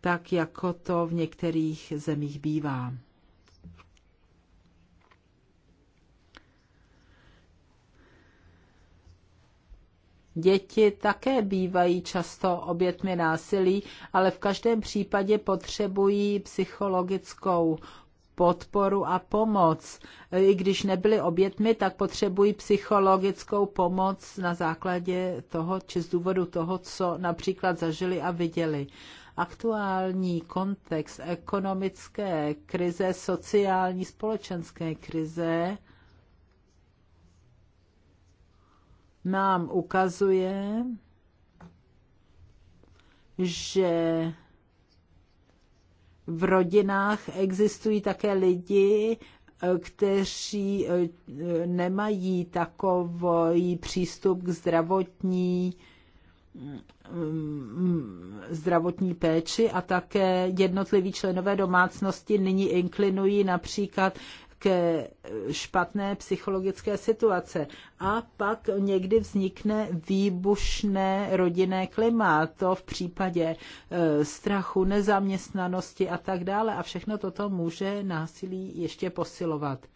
tak jako to v některých zemích bývá. Děti také bývají často obětmi násilí, ale v každém případě potřebují psychologickou podporu a pomoc. I když nebyly obětmi, tak potřebují psychologickou pomoc na základě toho, či z důvodu toho, co například zažili a viděli. Aktuální kontext ekonomické krize, sociální, společenské krize nám ukazuje, že v rodinách existují také lidi, kteří eh, nemají takový přístup k zdravotní mm, zdravotní péči a také jednotliví členové domácnosti nyní inklinují například ke špatné psychologické situace. A pak někdy vznikne výbušné rodinné klima, to v případě e, strachu, nezaměstnanosti a tak dále. A všechno toto může násilí ještě posilovat.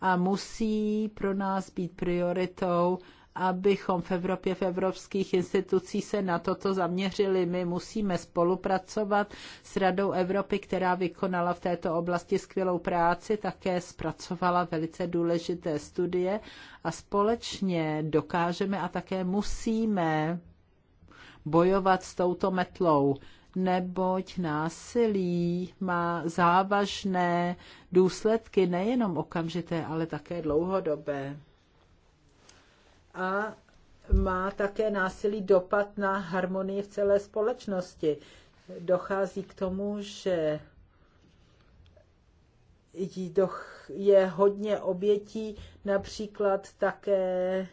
A musí pro nás být prioritou abychom v Evropě, v evropských institucích se na toto zaměřili. My musíme spolupracovat s Radou Evropy, která vykonala v této oblasti skvělou práci, také zpracovala velice důležité studie a společně dokážeme a také musíme bojovat s touto metlou neboť násilí má závažné důsledky nejenom okamžité, ale také dlouhodobé a má také násilí dopad na harmonii v celé společnosti. Dochází k tomu, že je hodně obětí, například také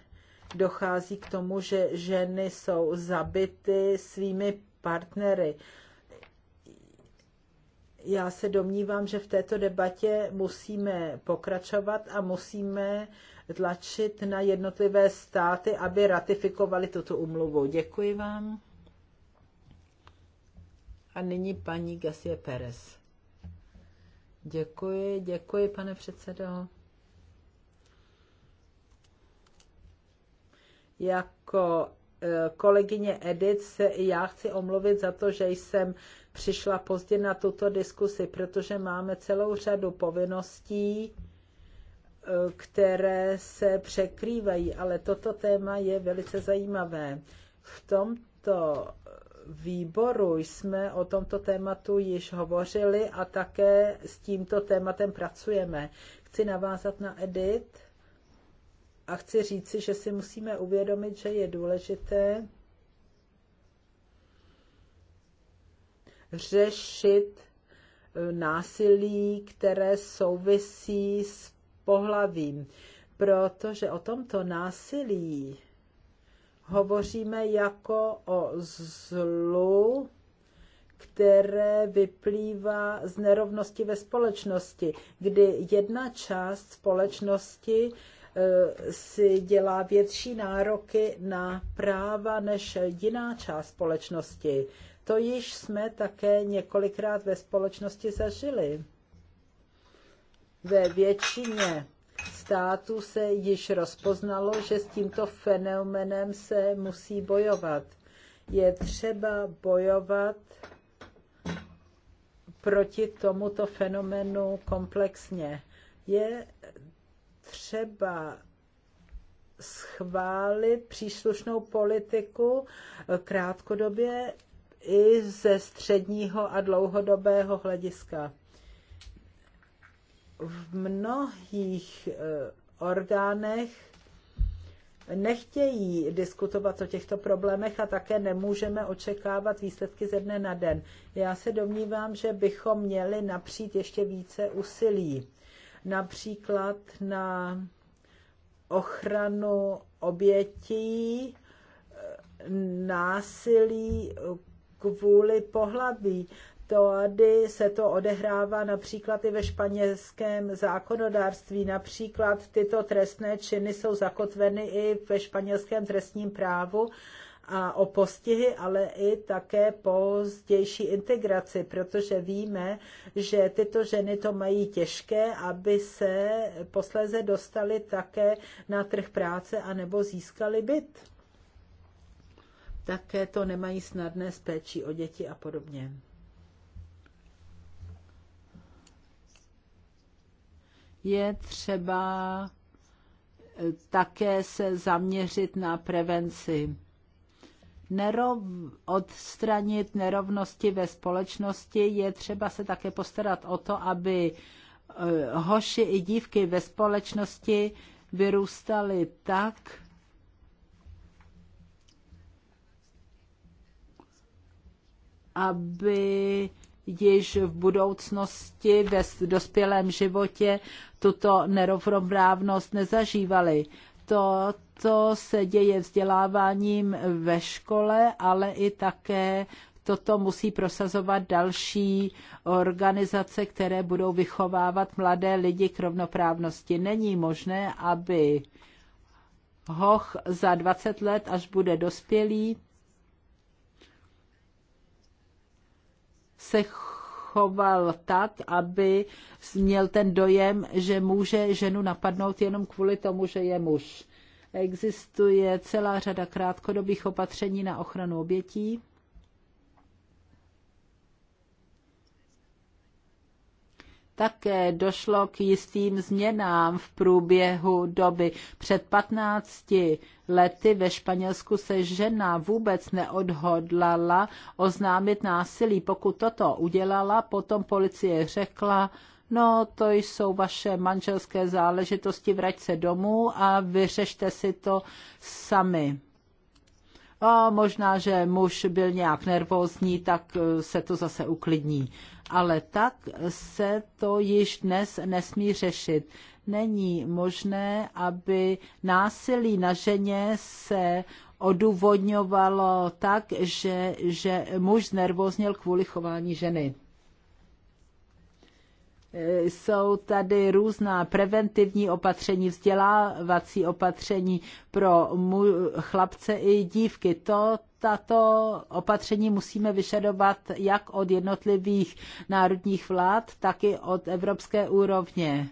dochází k tomu, že ženy jsou zabity svými partnery. Já se domnívám, že v této debatě musíme pokračovat a musíme tlačit na jednotlivé státy, aby ratifikovali tuto umluvu. Děkuji vám. A nyní paní Gasie Perez. Děkuji, děkuji, pane předsedo. Jako eh, kolegyně Edith se i já chci omluvit za to, že jsem přišla pozdě na tuto diskusi, protože máme celou řadu povinností které se překrývají, ale toto téma je velice zajímavé. V tomto výboru jsme o tomto tématu již hovořili a také s tímto tématem pracujeme. Chci navázat na Edit a chci říci, že si musíme uvědomit, že je důležité řešit násilí, které souvisí s pohlavím, protože o tomto násilí hovoříme jako o zlu, které vyplývá z nerovnosti ve společnosti, kdy jedna část společnosti eh, si dělá větší nároky na práva než jiná část společnosti. To již jsme také několikrát ve společnosti zažili. Ve většině států se již rozpoznalo, že s tímto fenomenem se musí bojovat. Je třeba bojovat proti tomuto fenomenu komplexně. Je třeba schválit příslušnou politiku krátkodobě i ze středního a dlouhodobého hlediska v mnohých eh, orgánech nechtějí diskutovat o těchto problémech a také nemůžeme očekávat výsledky ze dne na den. Já se domnívám, že bychom měli napřít ještě více úsilí, například na ochranu obětí eh, násilí kvůli pohlaví. Tady se to odehrává například i ve španělském zákonodárství. Například tyto trestné činy jsou zakotveny i ve španělském trestním právu a o postihy, ale i také pozdější integraci, protože víme, že tyto ženy to mají těžké, aby se posléze dostaly také na trh práce a nebo získali byt. Také to nemají snadné s péčí o děti a podobně. je třeba eh, také se zaměřit na prevenci. Nerov, odstranit nerovnosti ve společnosti je třeba se také postarat o to, aby eh, hoši i dívky ve společnosti vyrůstaly tak, aby již v budoucnosti ve dospělém životě tuto nerovnoprávnost nezažívali. To, co se děje vzděláváním ve škole, ale i také toto musí prosazovat další organizace, které budou vychovávat mladé lidi k rovnoprávnosti. Není možné, aby hoch za 20 let, až bude dospělý, se choval tak, aby měl ten dojem, že může ženu napadnout jenom kvůli tomu, že je muž. Existuje celá řada krátkodobých opatření na ochranu obětí. také došlo k jistým změnám v průběhu doby. Před 15 lety ve Španělsku se žena vůbec neodhodlala oznámit násilí. Pokud toto udělala, potom policie řekla, no to jsou vaše manželské záležitosti, vrať se domů a vyřešte si to sami a možná, že muž byl nějak nervózní, tak e, se to zase uklidní. Ale tak se to již dnes nesmí řešit. Není možné, aby násilí na ženě se odůvodňovalo tak, že, že muž nervózněl kvůli chování ženy jsou tady různá preventivní opatření, vzdělávací opatření pro chlapce i dívky. To tato opatření musíme vyžadovat jak od jednotlivých národních vlád, tak i od evropské úrovně.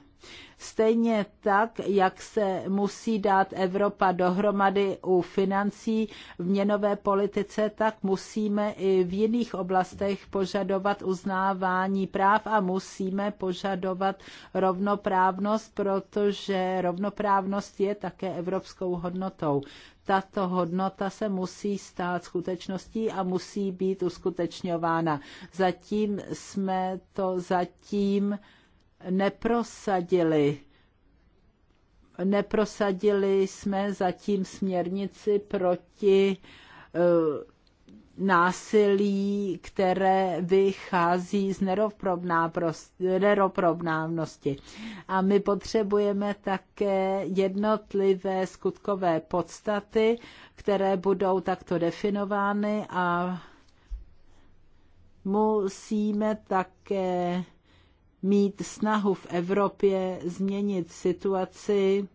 Stejně tak, jak se musí dát Evropa dohromady u financí v měnové politice, tak musíme i v jiných oblastech požadovat uznávání práv a musíme požadovat rovnoprávnost, protože rovnoprávnost je také evropskou hodnotou. Tato hodnota se musí stát skutečností a musí být uskutečňována. Zatím jsme to zatím neprosadili. Neprosadili jsme zatím směrnici proti eh, násilí, které vychází z nerovnoprávnosti. A my potřebujeme také jednotlivé skutkové podstaty, které budou takto definovány a musíme také mít snahu v Evropě změnit situaci,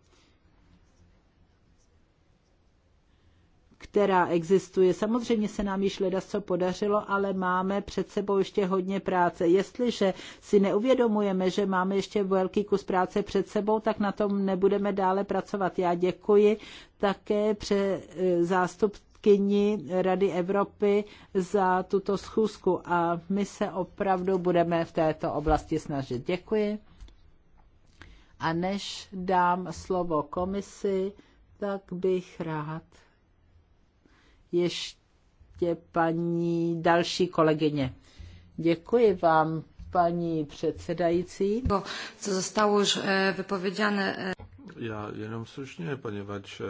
která existuje. Samozřejmě se nám již leda co podařilo, ale máme před sebou ještě hodně práce. Jestliže si neuvědomujeme, že máme ještě velký kus práce před sebou, tak na tom nebudeme dále pracovat. Já děkuji také pře e, zástupce předsedkyni Rady Evropy za tuto schůzku a my se opravdu budeme v této oblasti snažit. Děkuji. A než dám slovo komisi, tak bych rád ještě paní další kolegyně. Děkuji vám, paní předsedající. Bo co zostało już wypowiedziane. Já jenom slušně, poněvadž eh,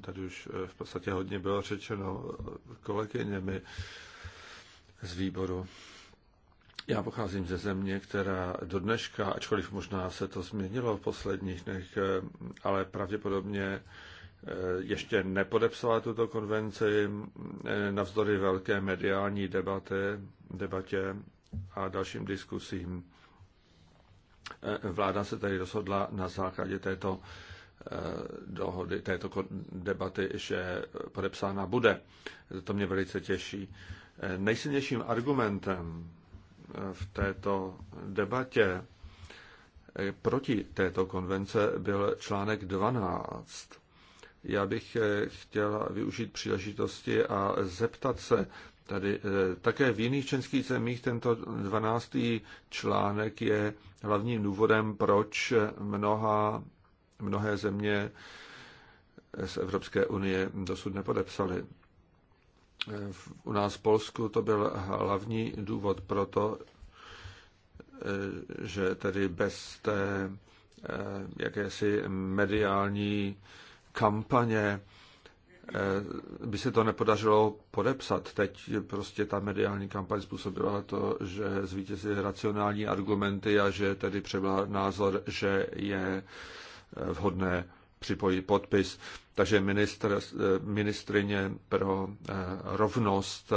tady už eh, v podstatě hodně bylo řečeno eh, kolegyněmi z výboru. Já pocházím ze země, která do dneška, ačkoliv možná se to změnilo v posledních dnech, ale pravděpodobně ještě nepodepsala tuto konvenci navzdory velké mediální debaty, debatě a dalším diskusím. Vláda se tady rozhodla na základě této Eh, dohody, této debaty, že podepsána bude. To mě velice těší. Eh, nejsilnějším argumentem eh, v této debatě proti této konvence byl článek 12. Já bych chtěl využít příležitosti a zeptat se tady. Také v jiných českých zemích tento 12. článek je hlavním důvodem, proč mnoha mnohé země z Evropské unie dosud nepodepsaly. U nás v Polsku to byl hlavní důvod pro to, eh, že tedy bez té eh, jakési mediální kampaně eh, by se to nepodařilo podepsat. Teď prostě ta mediální kampaň způsobila to, že zvítězí racionální argumenty a že tedy převládl názor, že je vhodné připojit podpis. Takže ministr, ministrině pro eh, rovnost eh,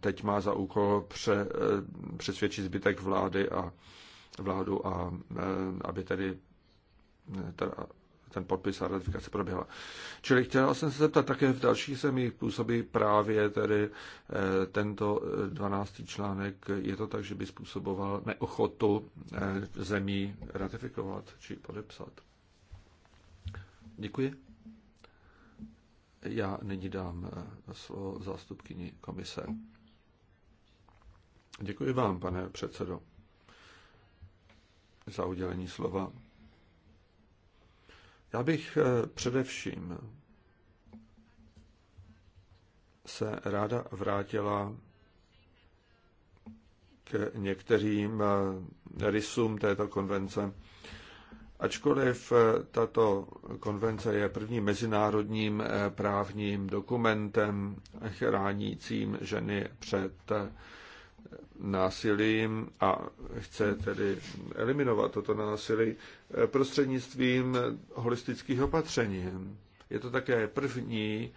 teď má za úkol pře, eh, přesvědčit zbytek vlády a vládu, a, aby tedy ten podpis a ratifikace proběhla. Čili chtěla jsem se zeptat také v dalších zemích působí právě tedy tento 12. článek. Je to tak, že by způsoboval neochotu zemí ratifikovat či podepsat? Děkuji. Já nyní dám eh, slovo zástupkyni komise. Děkuji vám, pane předsedo, za udělení slova. Já bych eh, především se ráda vrátila k některým eh, rysům této konvence Ačkoliv eh, tato konvence je prvním mezinárodním eh, právním dokumentem chránícím ženy před eh, násilím a chce tedy eliminovat toto násilí prostřednictvím holistických opatření. Je to také první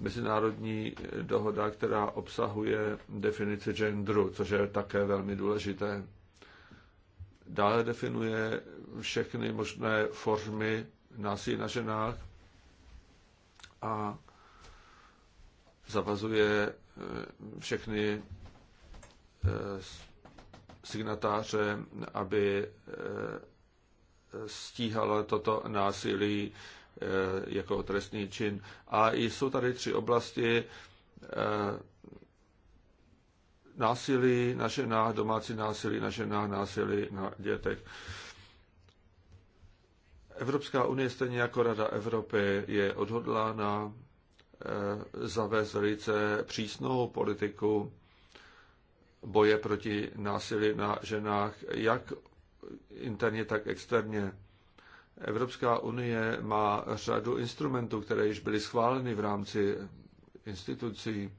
mezinárodní dohoda, která obsahuje definici genderu, což je také velmi důležité. Dále definuje všechny možné formy násilí na ženách a zavazuje e, všechny e, signatáře, aby e, stíhalo toto násilí jako trestný čin. A jsou tady tři oblasti násilí na ženách, domácí násilí na ženách, násilí na dětech. Evropská unie, stejně jako Rada Evropy, je odhodlána eh, zavést velice přísnou politiku boje proti násilí na ženách, jak interně, tak externě. Evropská unie má řadu instrumentů, které již byly schváleny v rámci institucí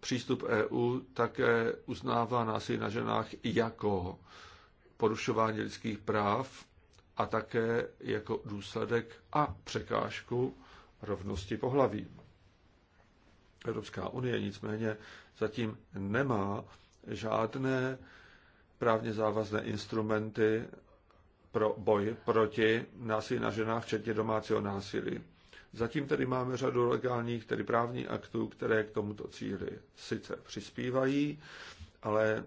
Přístup EU také uznává násilí na ženách jako porušování lidských práv a také jako důsledek a překážku rovnosti pohlaví. Evropská unie nicméně zatím nemá žádné právně závazné instrumenty pro boj proti násilí na ženách, včetně domácího násilí. Zatím tedy máme řadu legálních, tedy právních aktů, které k tomuto cíli sice přispívají, ale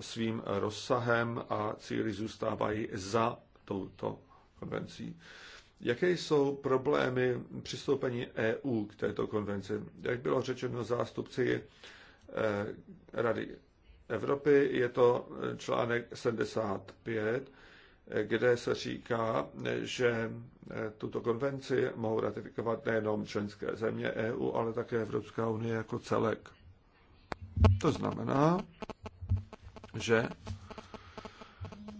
svým rozsahem a cíly zůstávají za touto konvencí. Jaké jsou problémy přistoupení EU k této konvenci? Jak bylo řečeno zástupci eh, Rady Evropy, je to článek 75 kde se říká, že eh, tuto konvenci mohou ratifikovat nejenom členské země EU, ale také Evropská unie jako celek. To znamená, že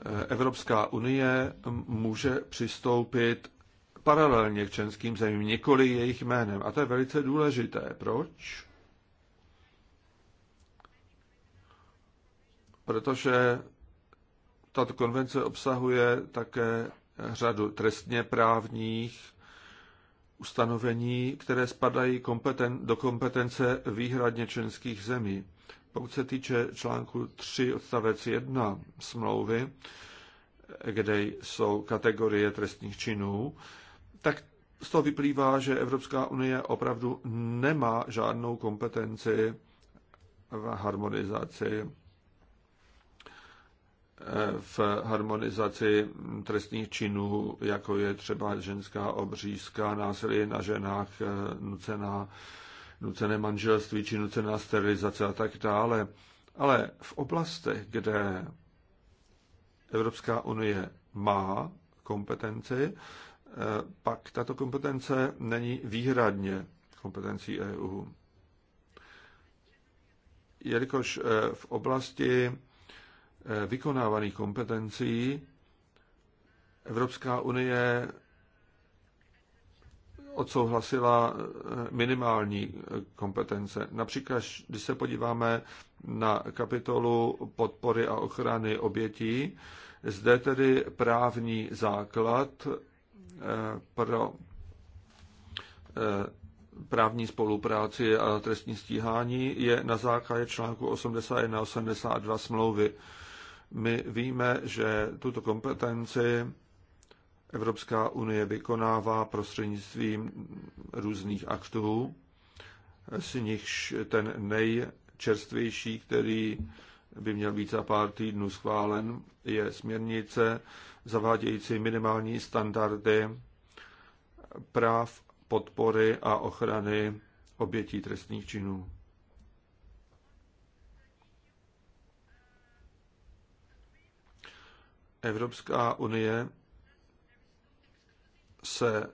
eh, Evropská unie může přistoupit paralelně k členským zemím, nikoli jejich jménem. A to je velice důležité. Proč? Protože tato konvence obsahuje také řadu trestně právních ustanovení, které spadají kompeten, do kompetence výhradně členských zemí. Pokud se týče článku 3 odstavec 1 smlouvy, kde jsou kategorie trestních činů, tak z toho vyplývá, že Evropská unie opravdu nemá žádnou kompetenci v harmonizaci v harmonizaci trestných činů, jako je třeba ženská obřízka, násilí na ženách, eh, nucená, nucené manželství či nucená sterilizace a tak dále. Ale v oblastech, kde Evropská unie má kompetenci, eh, pak tato kompetence není výhradně kompetencí EU. Jelikož eh, v oblasti Eh, vykonávaných kompetencí Evropská unie odsouhlasila eh, minimální eh, kompetence. Například, když se podíváme na kapitolu podpory a ochrany obětí, zde tedy právní základ pro právní spolupráci a trestní stíhání je na základě článku 81 a 82 smlouvy. My víme, že tuto kompetenci Evropská unie vykonává prostřednictvím různých aktů, z nichž ten nejčerstvější, který by měl být za pár týdnů schválen, je směrnice zavádějící minimální standardy práv, podpory a ochrany obětí trestných činů. Evropská unie se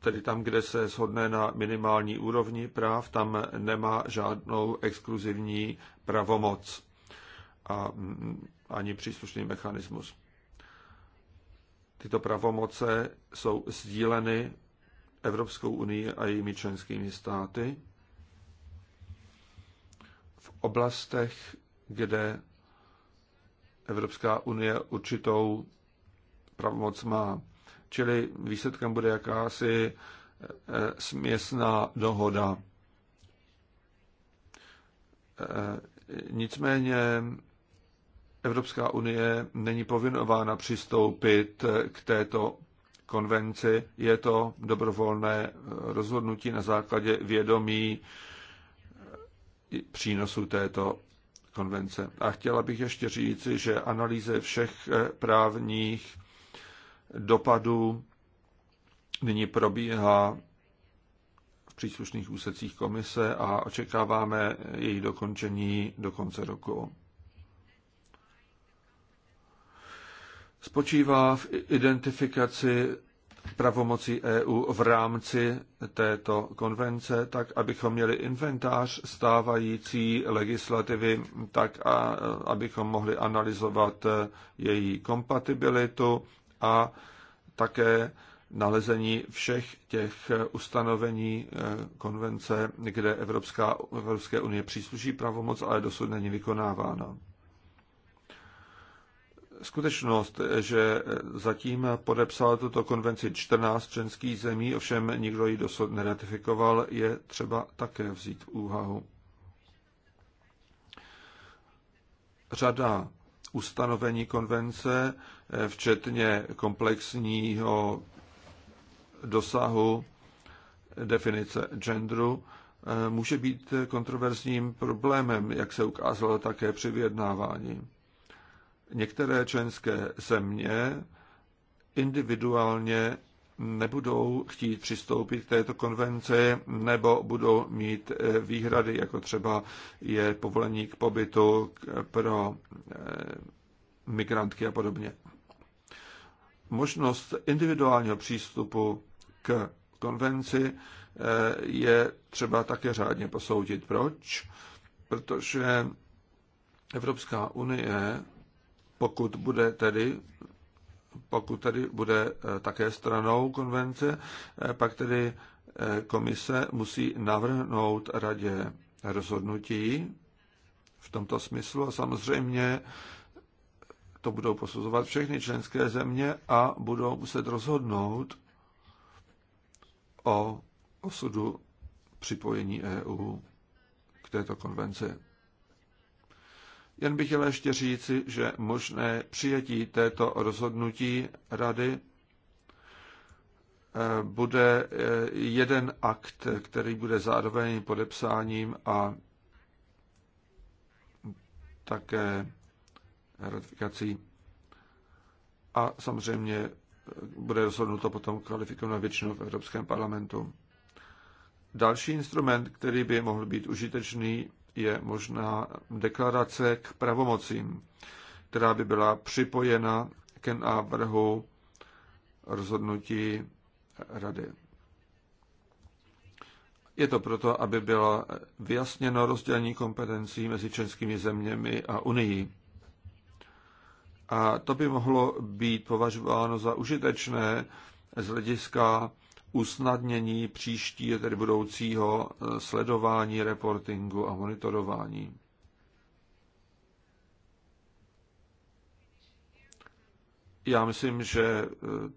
tedy tam, kde se shodne na minimální úrovni práv, tam nemá žádnou exkluzivní pravomoc a mm, ani příslušný mechanismus. Tyto pravomoce jsou sdíleny Evropskou unii a jejími členskými státy v oblastech, kde Evropská unie určitou pravomoc má. Čili výsledkem bude jakási eh, směsná dohoda. Eh, nicméně Evropská unie není povinována přistoupit eh, k této konvenci. Je to dobrovolné rozhodnutí na základě vědomí přínosu této konvence. A chtěla bych ještě říci, že analýze všech eh, právních dopadů nyní probíhá v příslušných úsecích komise a očekáváme její dokončení do konce roku. Spočívá v identifikaci pravomocí EU v rámci této konvence, tak abychom měli inventář stávající legislativy, tak a, abychom mohli analyzovat její kompatibilitu a také nalezení všech těch ustanovení e, konvence, kde Evropská, Evropské unie přísluší pravomoc, ale dosud není vykonávána. Skutečnost, že zatím podepsal tuto konvenci 14 členských zemí, ovšem nikdo ji dosud neratifikoval, je třeba také vzít v úvahu. Řada ustanovení konvence, eh, včetně komplexního dosahu definice genderu, eh, může být kontroverzním problémem, jak se ukázalo také při vyjednávání některé členské země individuálně nebudou chtít přistoupit k této konvenci nebo budou mít eh, výhrady, jako třeba je povolení k pobytu pro eh, migrantky a podobně. Možnost individuálního přístupu k konvenci eh, je třeba také řádně posoudit. Proč? Protože Evropská unie pokud bude tedy pokud tedy bude eh, také stranou konvence, eh, pak tedy eh, komise musí navrhnout radě rozhodnutí v tomto smyslu a samozřejmě to budou posuzovat všechny členské země a budou muset rozhodnout o osudu připojení EU k této konvenci. Jen bych chtěl ještě říci, že možné přijetí této rozhodnutí rady eh, bude eh, jeden akt, který bude zároveň podepsáním a také ratifikací. A samozřejmě eh, bude rozhodnuto potom kvalifikovanou většinou v Evropském parlamentu. Další instrument, který by mohl být užitečný, je možná deklarace k pravomocím, která by byla připojena k návrhu rozhodnutí rady. Je to proto, aby bylo vyjasněno rozdělení kompetencí mezi českými zeměmi a Unii. A to by mohlo být považováno za užitečné z hlediska usnadnění příští, tedy budoucího eh, sledování, reportingu a monitorování. Já myslím, že eh,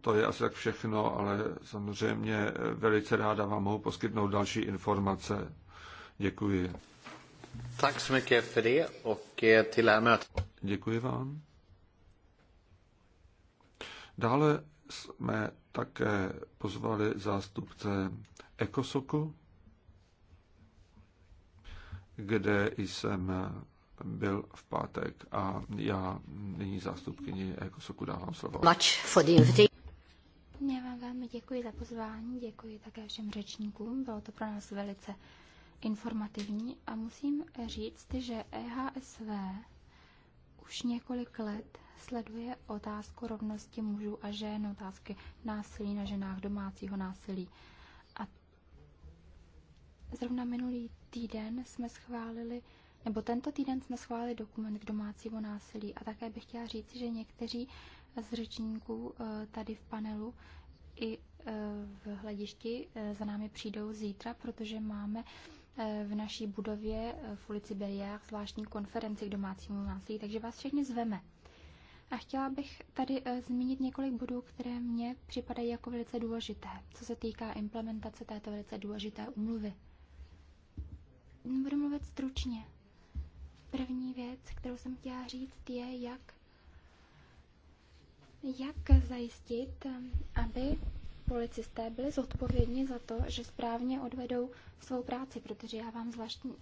to je asi tak všechno, ale samozřejmě eh, velice ráda vám mohu poskytnout další informace. Děkuji. Tak jsme mycket för det Děkuji vám. Dále jsme také pozvali zástupce Ekosoku, kde jsem byl v pátek a já nyní zástupkyni Ekosoku dávám slovo. Much for the Já vám velmi děkuji za pozvání, děkuji také všem řečníkům, bylo to pro nás velice informativní a musím říct, že EHSV už několik let sleduje otázku rovnosti mužů a žen, otázky násilí na ženách, domácího násilí. A zrovna minulý týden jsme schválili, nebo tento týden jsme schválili dokument k domácímu násilí. A také bych chtěla říct, že někteří z řečníků eh, tady v panelu i eh, v hledišti eh, za námi přijdou zítra, protože máme v naší budově v ulici Beliard zvláštní konferenci k domácímu násilí, takže vás všechny zveme. A chtěla bych tady eh, zmínit několik bodů, které mně připadají jako velice důležité, co se týká implementace této velice důležité umluvy. Budu mluvit stručně. První věc, kterou jsem chtěla říct, je, jak, jak zajistit, eh, aby policisté byli zodpovědní za to, že správně odvedou svou práci, protože já vám z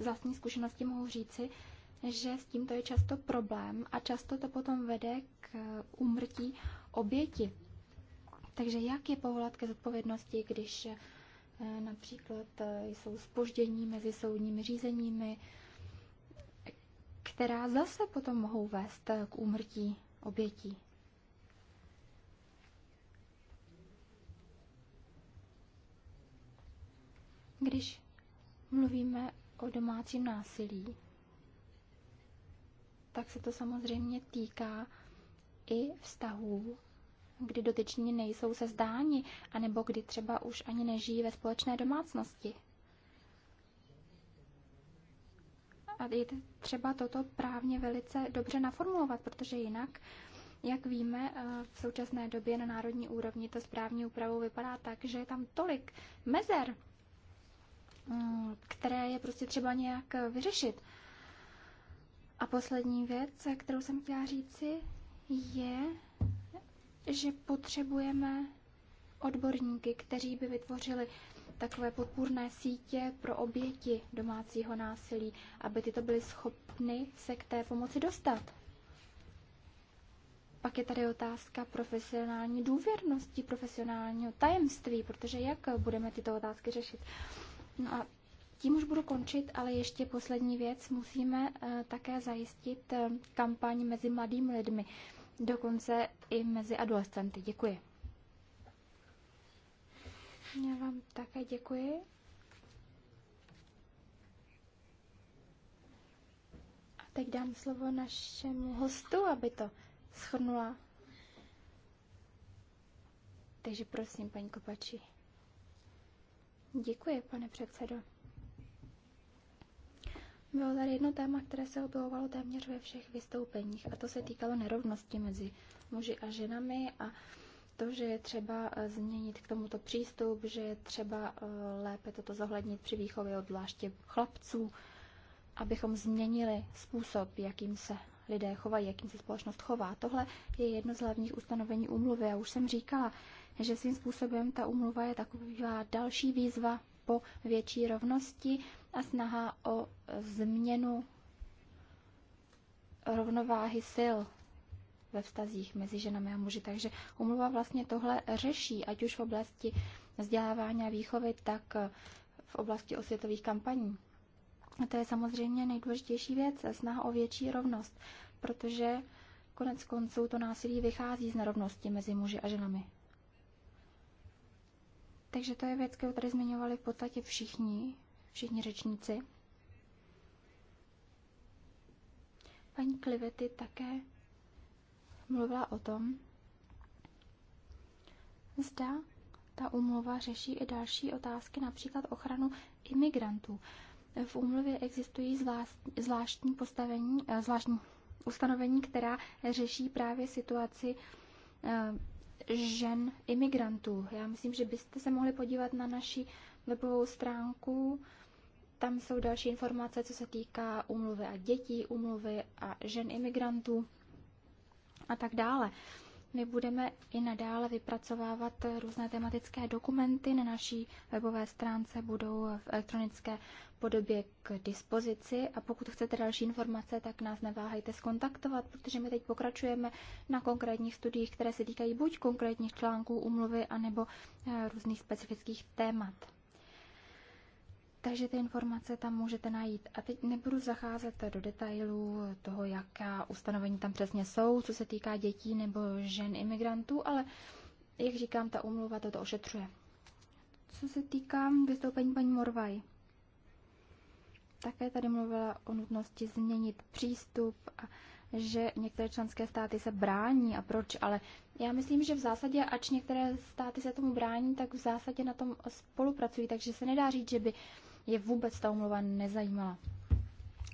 vlastní zkušenosti mohu říci, že s tímto je často problém a často to potom vede k úmrtí oběti. Takže jak je povolat ke zodpovědnosti, když eh, například eh, jsou spoždění mezi soudními řízeními, která zase potom mohou vést eh, k úmrtí obětí. Když mluvíme o domácím násilí, tak se to samozřejmě týká i vztahů, kdy dotyční nejsou se zdáni, anebo kdy třeba už ani nežijí ve společné domácnosti. A je třeba toto právně velice dobře naformulovat, protože jinak, jak víme, eh, v současné době na národní úrovni to správní úpravou vypadá tak, že je tam tolik mezer, mm, které je prostě třeba nějak vyřešit. A poslední věc, kterou jsem chtěla říci, je, že potřebujeme odborníky, kteří by vytvořili takové podpůrné sítě pro oběti domácího násilí, aby tyto byly schopny se k té pomoci dostat. Pak je tady otázka profesionální důvěrnosti, profesionálního tajemství, protože jak budeme tyto otázky řešit? No a tím už budu končit, ale ještě poslední věc. Musíme eh, také zajistit eh, kampaň mezi mladými lidmi, dokonce i mezi adolescenty. Děkuji. Já vám také děkuji. A teď dám slovo našemu hostu, aby to schrnula. Takže prosím, paní Kopači. Děkuji, pane předsedo. Bylo tady jedno téma, které se objevovalo téměř ve všech vystoupeních a to se týkalo nerovnosti mezi muži a ženami a to, že je třeba eh, změnit k tomuto přístup, že je třeba eh, lépe toto zohlednit při výchově odvláště chlapců, abychom změnili způsob, jakým se lidé chovají, jakým se společnost chová. Tohle je jedno z hlavních ustanovení úmluvy. Já už jsem říkala, že svým způsobem ta úmluva je taková další výzva po větší rovnosti, a snaha o změnu rovnováhy sil ve vztazích mezi ženami a muži. Takže umluva vlastně tohle řeší, ať už v oblasti vzdělávání a výchovy, tak v oblasti osvětových kampaní. A to je samozřejmě nejdůležitější věc, snaha o větší rovnost, protože konec konců to násilí vychází z nerovnosti mezi muži a ženami. Takže to je věc, kterou tady zmiňovali v podstatě všichni, všichni řečníci. Paní Klivety také mluvila o tom, zda ta úmluva řeší i další otázky, například ochranu imigrantů. V úmluvě existují zvláštní postavení, eh, zvláštní ustanovení, která řeší právě situaci eh, žen imigrantů. Já myslím, že byste se mohli podívat na naši webovou stránku tam jsou další informace, co se týká umluvy a dětí, umluvy a žen imigrantů a tak dále. My budeme i nadále vypracovávat různé tematické dokumenty. Na naší webové stránce budou v elektronické podobě k dispozici. A pokud chcete další informace, tak nás neváhejte skontaktovat, protože my teď pokračujeme na konkrétních studiích, které se týkají buď konkrétních článků umluvy, anebo eh, různých specifických témat. Takže ty informace tam můžete najít. A teď nebudu zacházet do detailů toho, jaká ustanovení tam přesně jsou, co se týká dětí nebo žen imigrantů, ale jak říkám, ta umluva toto ošetřuje. Co se týká vystoupení paní Morvaj, také tady mluvila o nutnosti změnit přístup a že některé členské státy se brání a proč, ale já myslím, že v zásadě, ač některé státy se tomu brání, tak v zásadě na tom spolupracují, takže se nedá říct, že by je vůbec ta umluva nezajímala.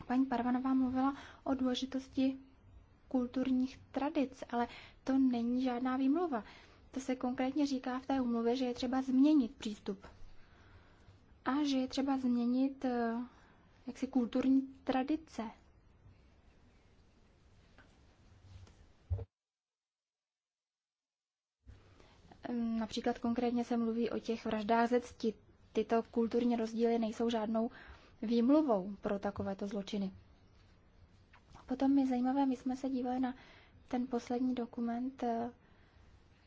Paní Parvanová mluvila o důležitosti kulturních tradic, ale to není žádná výmluva. To se konkrétně říká v té umluvě, že je třeba změnit přístup. A že je třeba změnit eh, jaksi kulturní tradice. Například konkrétně se mluví o těch vraždách ze cti tyto kulturní rozdíly nejsou žádnou výmluvou pro takovéto zločiny. Potom je zajímavé, my jsme se dívali na ten poslední dokument, eh,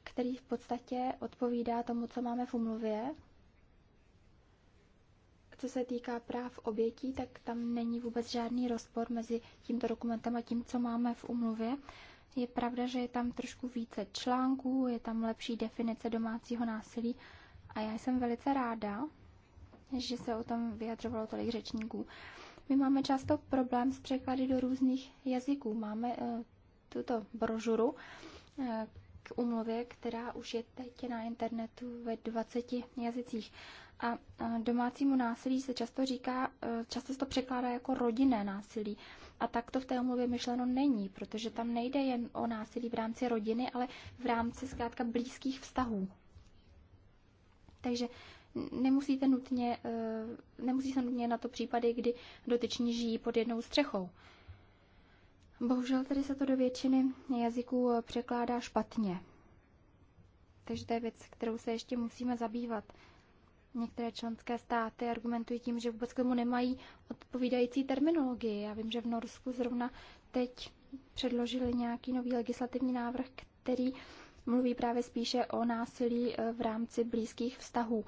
který v podstatě odpovídá tomu, co máme v umluvě. Co se týká práv obětí, tak tam není vůbec žádný rozpor mezi tímto dokumentem a tím, co máme v umluvě. Je pravda, že je tam trošku více článků, je tam lepší definice domácího násilí a já jsem velice ráda, že se o tom vyjadřovalo tolik řečníků. My máme často problém s překlady do různých jazyků. Máme eh, tuto brožuru eh, k umluvě, která už je teď na internetu ve 20 jazycích. A eh, domácímu násilí se často říká, často se to překládá jako rodinné násilí. A tak to v té umluvě myšleno není, protože tam nejde jen o násilí v rámci rodiny, ale v rámci zkrátka blízkých vztahů. Takže nemusíte nutně, eh, nemusí se nutně na to případy, kdy dotyční žijí pod jednou střechou. Bohužel tedy se to do většiny jazyků eh, překládá špatně. Takže to je věc, kterou se ještě musíme zabývat. Některé členské státy argumentují tím, že vůbec k tomu nemají odpovídající terminologii. Já vím, že v Norsku zrovna teď předložili nějaký nový legislativní návrh, který mluví právě spíše o násilí eh, v rámci blízkých vztahů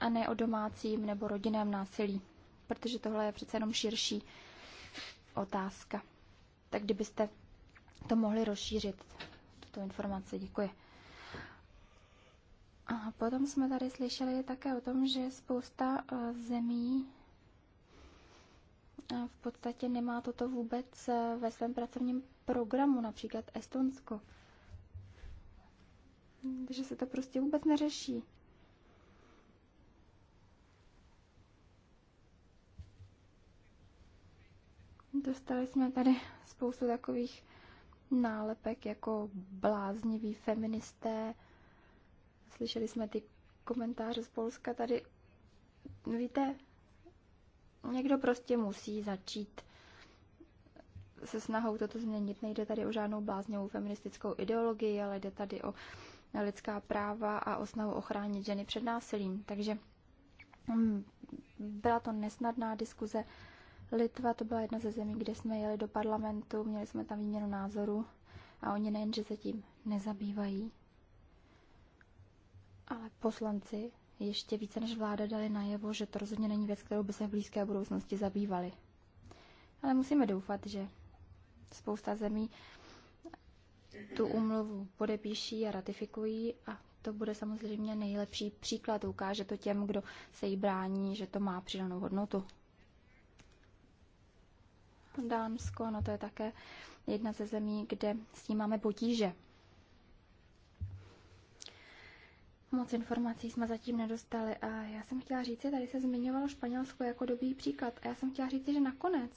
a ne o domácím nebo rodinném násilí, protože tohle je přece jenom širší otázka. Tak kdybyste to mohli rozšířit, tuto informaci, děkuji. A potom jsme tady slyšeli také o tom, že spousta eh, zemí eh, v podstatě nemá toto vůbec ve svém pracovním programu, například Estonsko že se to prostě vůbec neřeší. Dostali jsme tady spoustu takových nálepek jako blázniví feministé. Slyšeli jsme ty komentáře z Polska tady. Víte, někdo prostě musí začít se snahou toto změnit. Nejde tady o žádnou bláznivou feministickou ideologii, ale jde tady o lidská práva a o snahu ochránit ženy před násilím. Takže mm, byla to nesnadná diskuze. Litva to byla jedna ze zemí, kde jsme jeli do parlamentu, měli jsme tam výměnu názoru a oni nejen, že se tím nezabývají, ale poslanci ještě více než vláda dali najevo, že to rozhodně není věc, kterou by se v blízké budoucnosti zabývali. Ale musíme doufat, že spousta zemí tu umluvu podepíší a ratifikují a to bude samozřejmě nejlepší příklad. Ukáže to těm, kdo se jí brání, že to má přidanou hodnotu. Dánsko, no to je také jedna ze zemí, kde s tím máme potíže. Moc informací jsme zatím nedostali a já jsem chtěla říct, tady se zmiňovalo Španělsko jako dobrý příklad a já jsem chtěla říct, že nakonec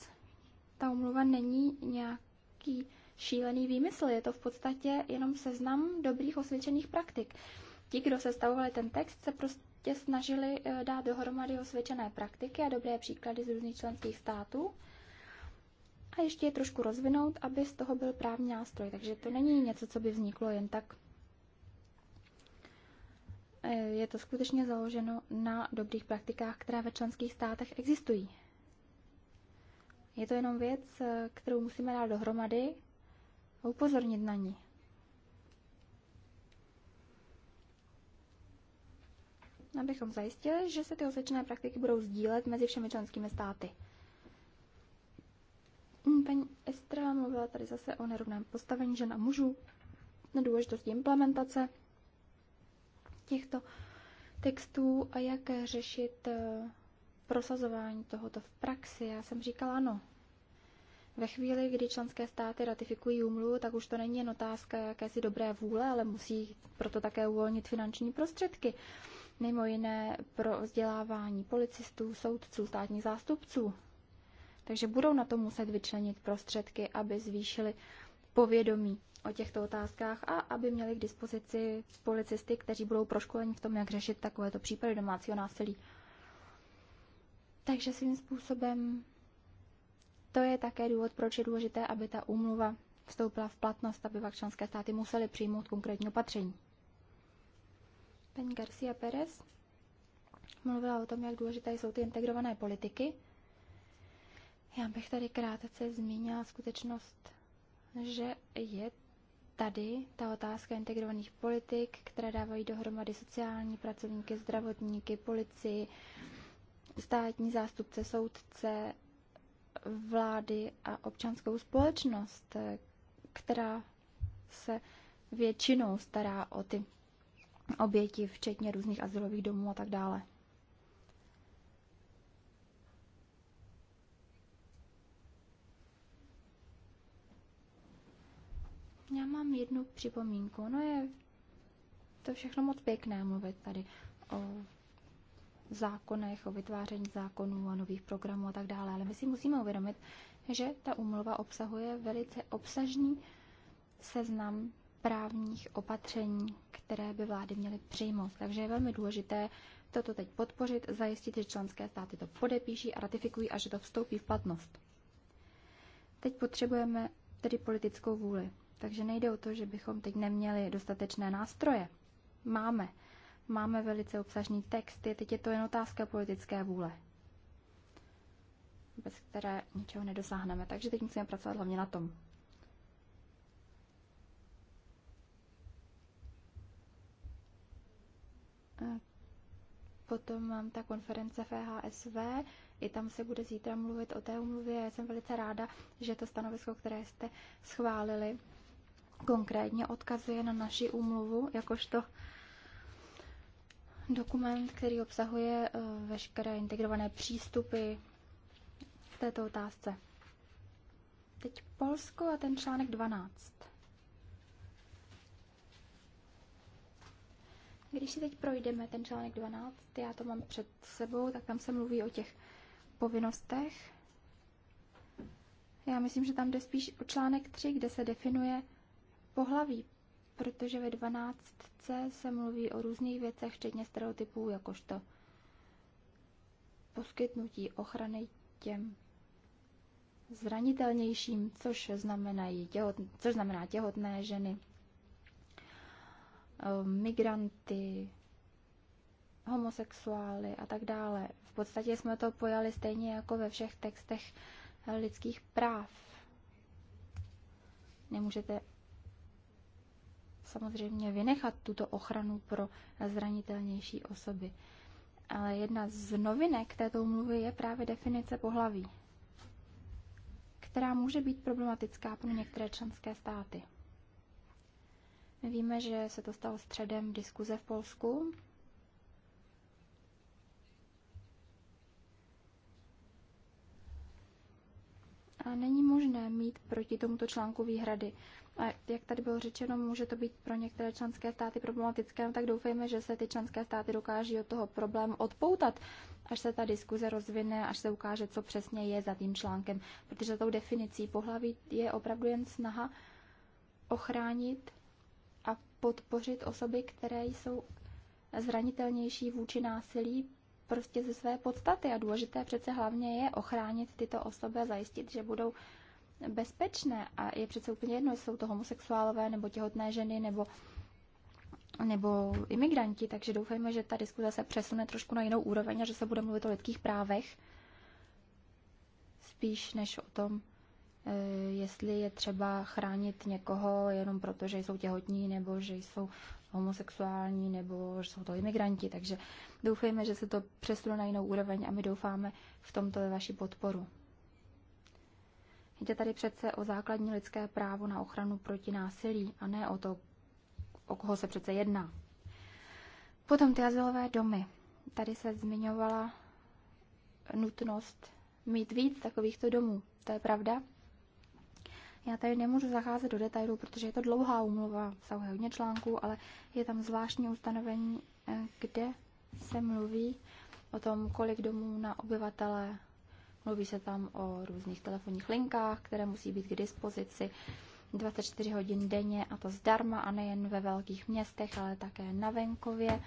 ta umluva není nějaký šílený výmysl. Je to v podstatě jenom seznam dobrých osvědčených praktik. Ti, kdo sestavovali ten text, se prostě snažili eh, dát dohromady osvědčené praktiky a dobré příklady z různých členských států a ještě je trošku rozvinout, aby z toho byl právní nástroj. Takže to není něco, co by vzniklo jen tak. Eh, je to skutečně založeno na dobrých praktikách, které ve členských státech existují. Je to jenom věc, eh, kterou musíme dát dohromady a upozornit na ní. Abychom zajistili, že se ty osvědčené praktiky budou sdílet mezi všemi členskými státy. Hmm, paní Estra mluvila tady zase o nerovném postavení žen a mužů, na důležitosti implementace těchto textů a jak řešit eh, prosazování tohoto v praxi. Já jsem říkala, no, ve chvíli, kdy členské státy ratifikují úmluvu, tak už to není jen otázka jakési dobré vůle, ale musí proto také uvolnit finanční prostředky. Mimo jiné pro vzdělávání policistů, soudců, státních zástupců. Takže budou na to muset vyčlenit prostředky, aby zvýšili povědomí o těchto otázkách a aby měli k dispozici policisty, kteří budou proškoleni v tom, jak řešit takovéto případy domácího násilí. Takže svým způsobem to je také důvod, proč je důležité, aby ta úmluva vstoupila v platnost, aby pak členské státy musely přijmout konkrétní opatření. Paní Garcia Pérez mluvila o tom, jak důležité jsou ty integrované politiky. Já bych tady krátce zmínila skutečnost, že je tady ta otázka integrovaných politik, které dávají dohromady sociální pracovníky, zdravotníky, policii, státní zástupce, soudce, vlády a občanskou společnost, eh, která se většinou stará o ty oběti, včetně různých asilových domů a tak dále. Já mám jednu připomínku. No je to všechno moc pěkné mluvit tady o zákonech, o vytváření zákonů a nových programů a tak dále. Ale my si musíme uvědomit, že ta úmluva obsahuje velice obsažný seznam právních opatření, které by vlády měly přijmout. Takže je velmi důležité toto teď podpořit, zajistit, že členské státy to podepíší a ratifikují a že to vstoupí v platnost. Teď potřebujeme tedy politickou vůli. Takže nejde o to, že bychom teď neměli dostatečné nástroje. Máme. Máme velice obsažný text, je teď je to jen otázka politické vůle, bez které ničeho nedosáhneme. Takže teď musíme pracovat hlavně na tom. Potom mám ta konference FHSV, e i tam se bude zítra mluvit o té umluvě. Já jsem velice ráda, že to stanovisko, které jste schválili, konkrétně odkazuje na naši umluvu, jakožto dokument, který obsahuje eh, veškeré integrované přístupy v této otázce. Teď Polsko a ten článek 12. Když si teď projdeme ten článek 12, já to mám před sebou, tak tam se mluví o těch povinnostech. Já myslím, že tam jde spíš o článek 3, kde se definuje pohlaví protože ve 12. se mluví o různých věcech, včetně stereotypů, jakožto poskytnutí ochrany těm zranitelnějším, což, znamenají těhot, což znamená těhotné ženy, ehm, migranty, homosexuály a tak dále. V podstatě jsme to pojali stejně jako ve všech textech lidských práv. Nemůžete samozřejmě vynechat tuto ochranu pro zranitelnější osoby. Ale jedna z novinek této umluvy je právě definice pohlaví, která může být problematická pro některé členské státy. My víme, že se to stalo středem diskuze v Polsku. A není možné mít proti tomuto článku výhrady. A jak tady bylo řečeno, může to být pro některé členské státy problematické, no tak doufejme, že se ty členské státy dokáží od toho problému odpoutat, až se ta diskuze rozvine, až se ukáže, co přesně je za tím článkem. Protože tou definicí pohlaví je opravdu jen snaha ochránit a podpořit osoby, které jsou zranitelnější vůči násilí, prostě ze své podstaty. A důležité přece hlavně je ochránit tyto osoby a zajistit, že budou bezpečné a je přece úplně jedno, jestli jsou to homosexuálové nebo těhotné ženy nebo nebo imigranti, takže doufejme, že ta diskuze se přesune trošku na jinou úroveň a že se bude mluvit o lidských právech spíš než o tom, eh, jestli je třeba chránit někoho jenom proto, že jsou těhotní nebo že jsou homosexuální nebo že jsou to imigranti. Takže doufejme, že se to přesune na jinou úroveň a my doufáme v tomto ve vaši podporu. Jde tady přece o základní lidské právo na ochranu proti násilí a ne o to, o koho se přece jedná. Potom ty azylové domy. Tady se zmiňovala nutnost mít víc takovýchto domů. To je pravda. Já tady nemůžu zacházet do detailů, protože je to dlouhá úmluva, obsahuje hodně článků, ale je tam zvláštní ustanovení, eh, kde se mluví o tom, kolik domů na obyvatele Mluví se tam o různých telefonních linkách, které musí být k dispozici 24 hodin denně a to zdarma a nejen ve velkých městech, ale také na venkově.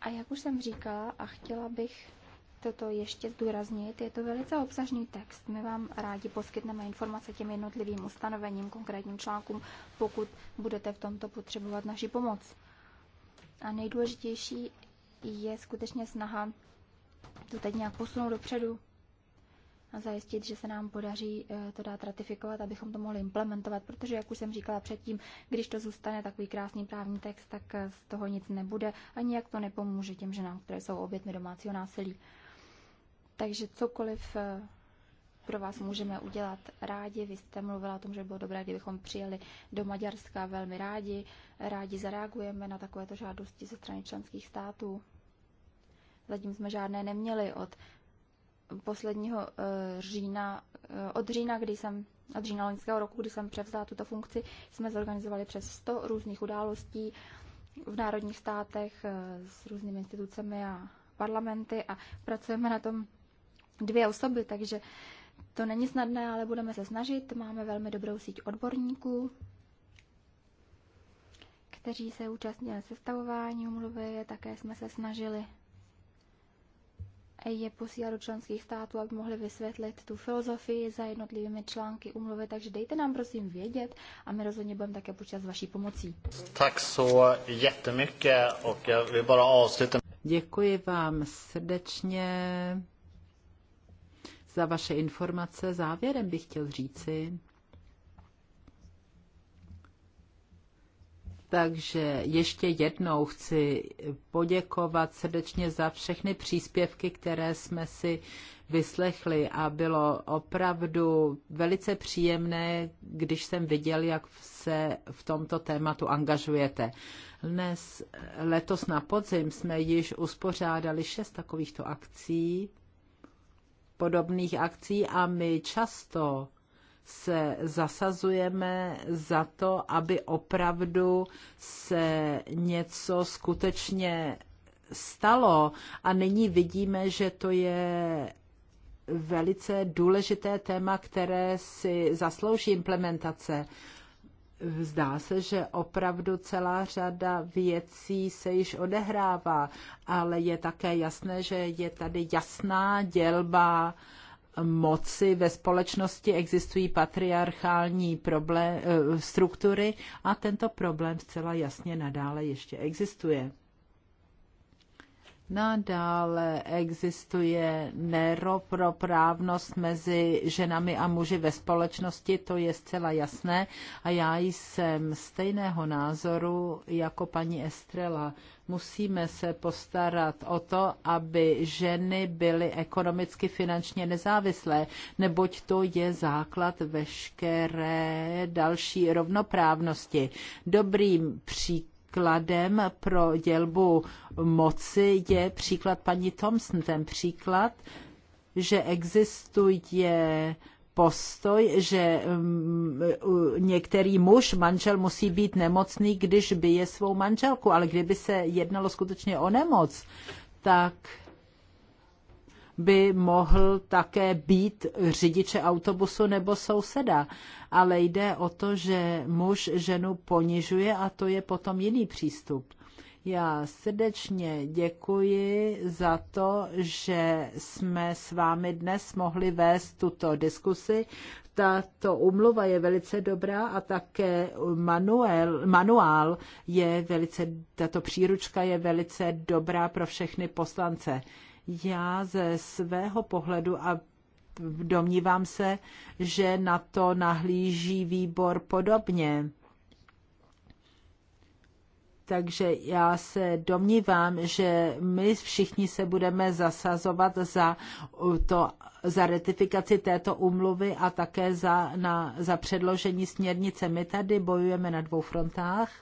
A jak už jsem říkala a chtěla bych toto ještě zdůraznit, je to velice obsažný text. My vám rádi poskytneme informace těm jednotlivým ustanovením, konkrétním článkům, pokud budete v tomto potřebovat naši pomoc. A nejdůležitější je skutečně snaha to teď nějak posunout dopředu a zajistit, že se nám podaří eh, to dát ratifikovat, abychom to mohli implementovat, protože, jak už jsem říkala předtím, když to zůstane takový krásný právní text, tak eh, z toho nic nebude a nijak to nepomůže těm ženám, které jsou obětmi domácího násilí. Takže cokoliv eh, pro vás můžeme udělat rádi. Vy jste mluvila o tom, že bylo dobré, kdybychom přijeli do Maďarska velmi rádi. Rádi zareagujeme na takovéto žádosti ze strany členských států. Zatím jsme žádné neměli od posledního uh, října, uh, od října, kdy jsem, od října loňského roku, kdy jsem převzala tuto funkci, jsme zorganizovali přes 100 různých událostí v národních státech uh, s různými institucemi a parlamenty a pracujeme na tom dvě osoby, takže to není snadné, ale budeme se snažit. Máme velmi dobrou síť odborníků, kteří se účastnili sestavování umluvy. Také jsme se snažili je posílat do členských států, aby mohli vysvětlit tu filozofii za jednotlivými články umluvy, takže dejte nám prosím vědět a my rozhodně budeme také počítat s vaší pomocí. Tak so jättemycket och jag vill bara avsluta. Děkuji vám srdečně za vaše informace. Závěrem bych chtěl říci, Takže ještě jednou chci poděkovat srdečně za všechny příspěvky, které jsme si vyslechli a bylo opravdu velice příjemné, když jsem viděl, jak se v tomto tématu angažujete. Dnes, letos na podzim jsme již uspořádali šest takovýchto akcí, podobných akcí a my často se zasazujeme za to, aby opravdu se něco skutečně stalo a nyní vidíme, že to je velice důležité téma, které si zaslouží implementace. Zdá se, že opravdu celá řada věcí se již odehrává, ale je také jasné, že je tady jasná dělba uh, moci ve společnosti existují patriarchální problém, eh, struktury a tento problém zcela jasně nadále ještě existuje. Nadále existuje neroproprávnost mezi ženami a muži ve společnosti, to je zcela jasné. A já jsem stejného názoru jako paní Estrela. Musíme se postarat o to, aby ženy byly ekonomicky finančně nezávislé, neboť to je základ veškeré další rovnoprávnosti. Dobrým příkladem příkladem pro dělbu moci je příklad paní Thompson. Ten příklad, že existuje postoj, že mm, některý muž, manžel musí být nemocný, když bije svou manželku, ale kdyby se jednalo skutečně o nemoc, tak by mohl také být řidiče autobusu nebo souseda. Ale jde o to, že muž ženu ponižuje a to je potom jiný přístup. Já srdečně děkuji za to, že jsme s vámi dnes mohli vést tuto diskusi. Tato umluva je velice dobrá a také manuel, manuál je velice, tato příručka je velice dobrá pro všechny poslance. Já ze svého pohledu a domnívám se, že na to nahlíží výbor podobně. Takže já se domnívám, že my všichni se budeme zasazovat za, to, za ratifikaci této úmluvy a také za, na, za předložení směrnice. My tady bojujeme na dvou frontách.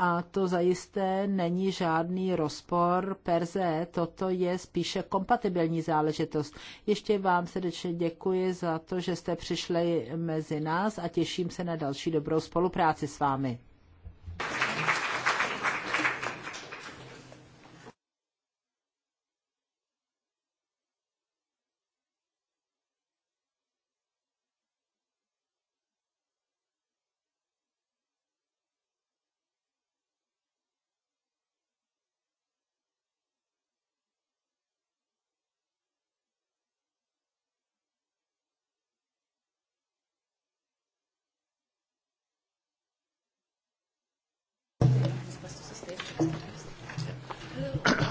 A to zajisté není žádný rozpor per se, toto je spíše kompatibilní záležitost. Ještě vám srdečně děkuji za to, že jste přišli mezi nás a těším se na další dobrou spolupráci s vámi.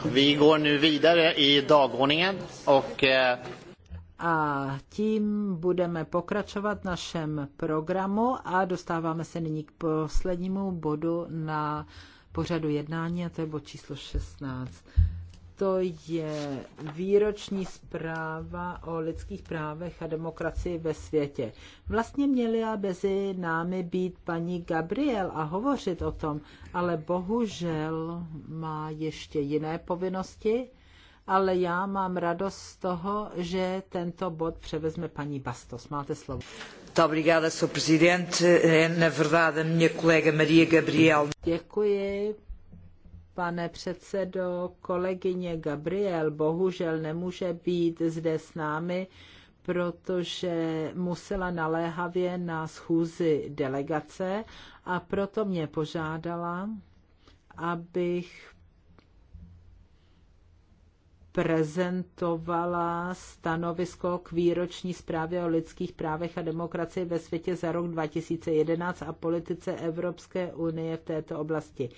Vi går nu vidare i dagordningen och eh, a tím budeme pokračovat v našem programu a dostáváme se nyní k poslednímu bodu na pořadu jednání a to je bod číslo 16 to je výroční zpráva o lidských právech a demokracii ve světě. Vlastně a mezi námi být paní Gabriel a hovořit o tom, ale bohužel má ještě jiné povinnosti, ale já mám radost z toho, že tento bod převezme paní Bastos. Máte slovo. Obrigada, Sr. Presidente. Eh, na verdade, a minha colega Maria Gabriel. Děkuji, Pane předsedo, kolegyně Gabriel bohužel nemůže být zde s námi, protože musela naléhavě na schůzi delegace a proto mě požádala, abych prezentovala stanovisko k výroční zprávě o lidských právech a demokracii ve světě za rok 2011 a politice Evropské unie v této oblasti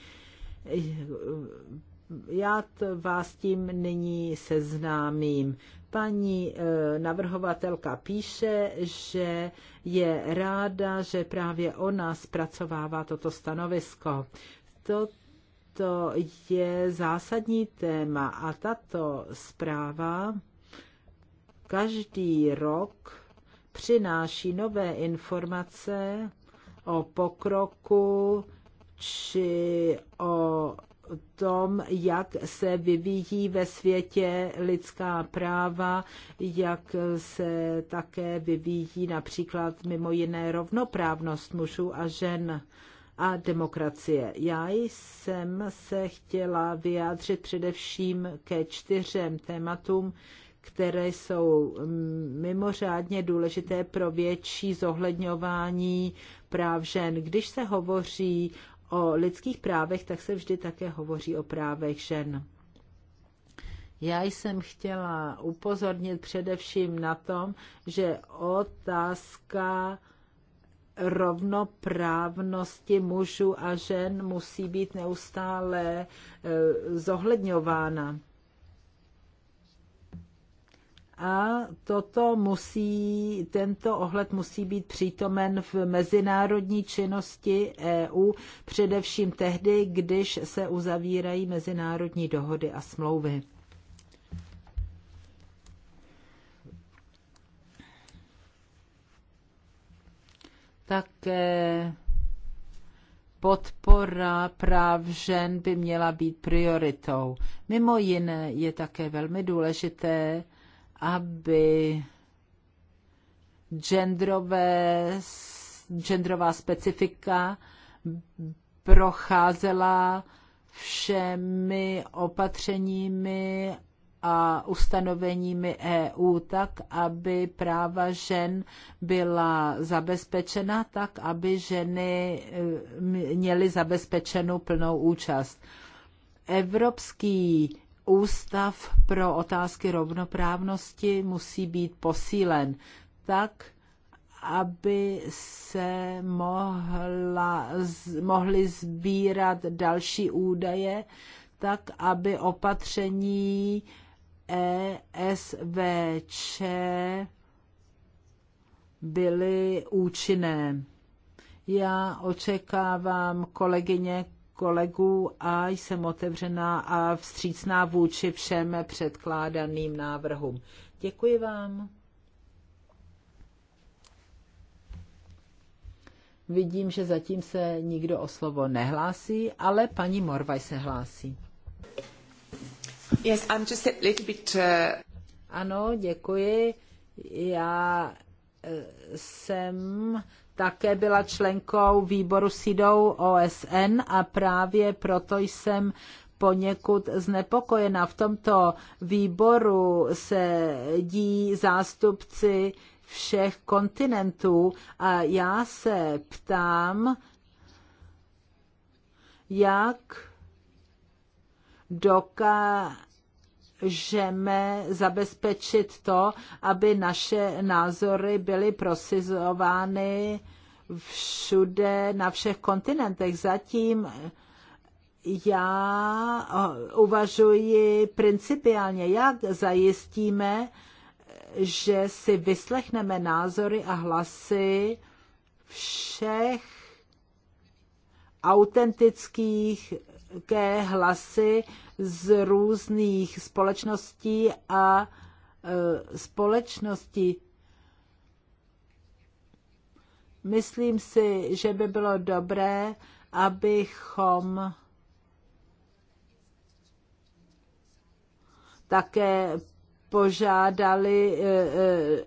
já vás tím nyní seznámím. Paní eh, navrhovatelka píše, že je ráda, že právě ona zpracovává toto stanovisko. To, to je zásadní téma a tato zpráva každý rok přináší nové informace o pokroku či o tom, jak se vyvíjí ve světě lidská práva, jak se také vyvíjí například mimo jiné rovnoprávnost mužů a žen a demokracie. Já jsem se chtěla vyjádřit především ke čtyřem tématům, které jsou mimořádně důležité pro větší zohledňování práv žen. Když se hovoří o lidských právech, tak se vždy také hovoří o právech žen. Já jsem chtěla upozornit především na tom, že otázka rovnoprávnosti mužů a žen musí být neustále eh, zohledňována a toto musí, tento ohled musí být přítomen v mezinárodní činnosti EU, především tehdy, když se uzavírají mezinárodní dohody a smlouvy. Také podpora práv žen by měla být prioritou. Mimo jiné je také velmi důležité, aby genderové, genderová specifika procházela všemi opatřeními a ustanoveními EU tak, aby práva žen byla zabezpečena, tak, aby ženy eh, měly zabezpečenou plnou účast. Evropský Ústav pro otázky rovnoprávnosti musí být posílen tak, aby se mohla, mohly sbírat další údaje, tak aby opatření ESVČ byly účinné. Já očekávám, kolegyně, kolegů a jsem otevřená a vstřícná vůči všem předkládaným návrhům. Děkuji vám. Vidím, že zatím se nikdo o slovo nehlásí, ale paní Morvaj se hlásí. Yes, I'm just a little bit, uh... Ano, děkuji. Já eh, jsem také byla členkou výboru SIDOU OSN a právě proto jsem poněkud znepokojena. V tomto výboru se dí zástupci všech kontinentů a já se ptám, jak dokáže můžeme zabezpečit to, aby naše názory byly prosizovány všude, na všech kontinentech. Zatím já eh, uvažuji principiálně, jak zajistíme, že si vyslechneme názory a hlasy všech autentických také hlasy z různých společností a e, společností. Myslím si, že by bylo dobré, abychom také požádali e, e,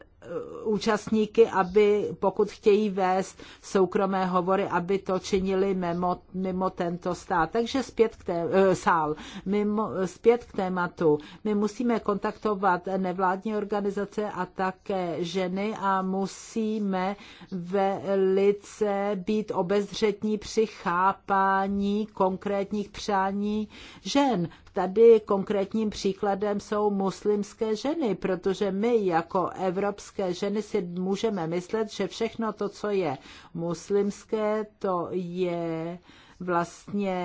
účastníky, aby pokud chtějí vést soukromé hovory, aby to činili mimo, mimo tento stát. Takže zpět k té, eh, sál, mimo, zpět k tématu. My musíme kontaktovat nevládní organizace a také ženy a musíme velice být obezřetní při chápání konkrétních přání žen Tady konkrétním příkladem jsou muslimské ženy, protože my jako evropské ženy si můžeme myslet, že všechno to, co je muslimské, to je vlastně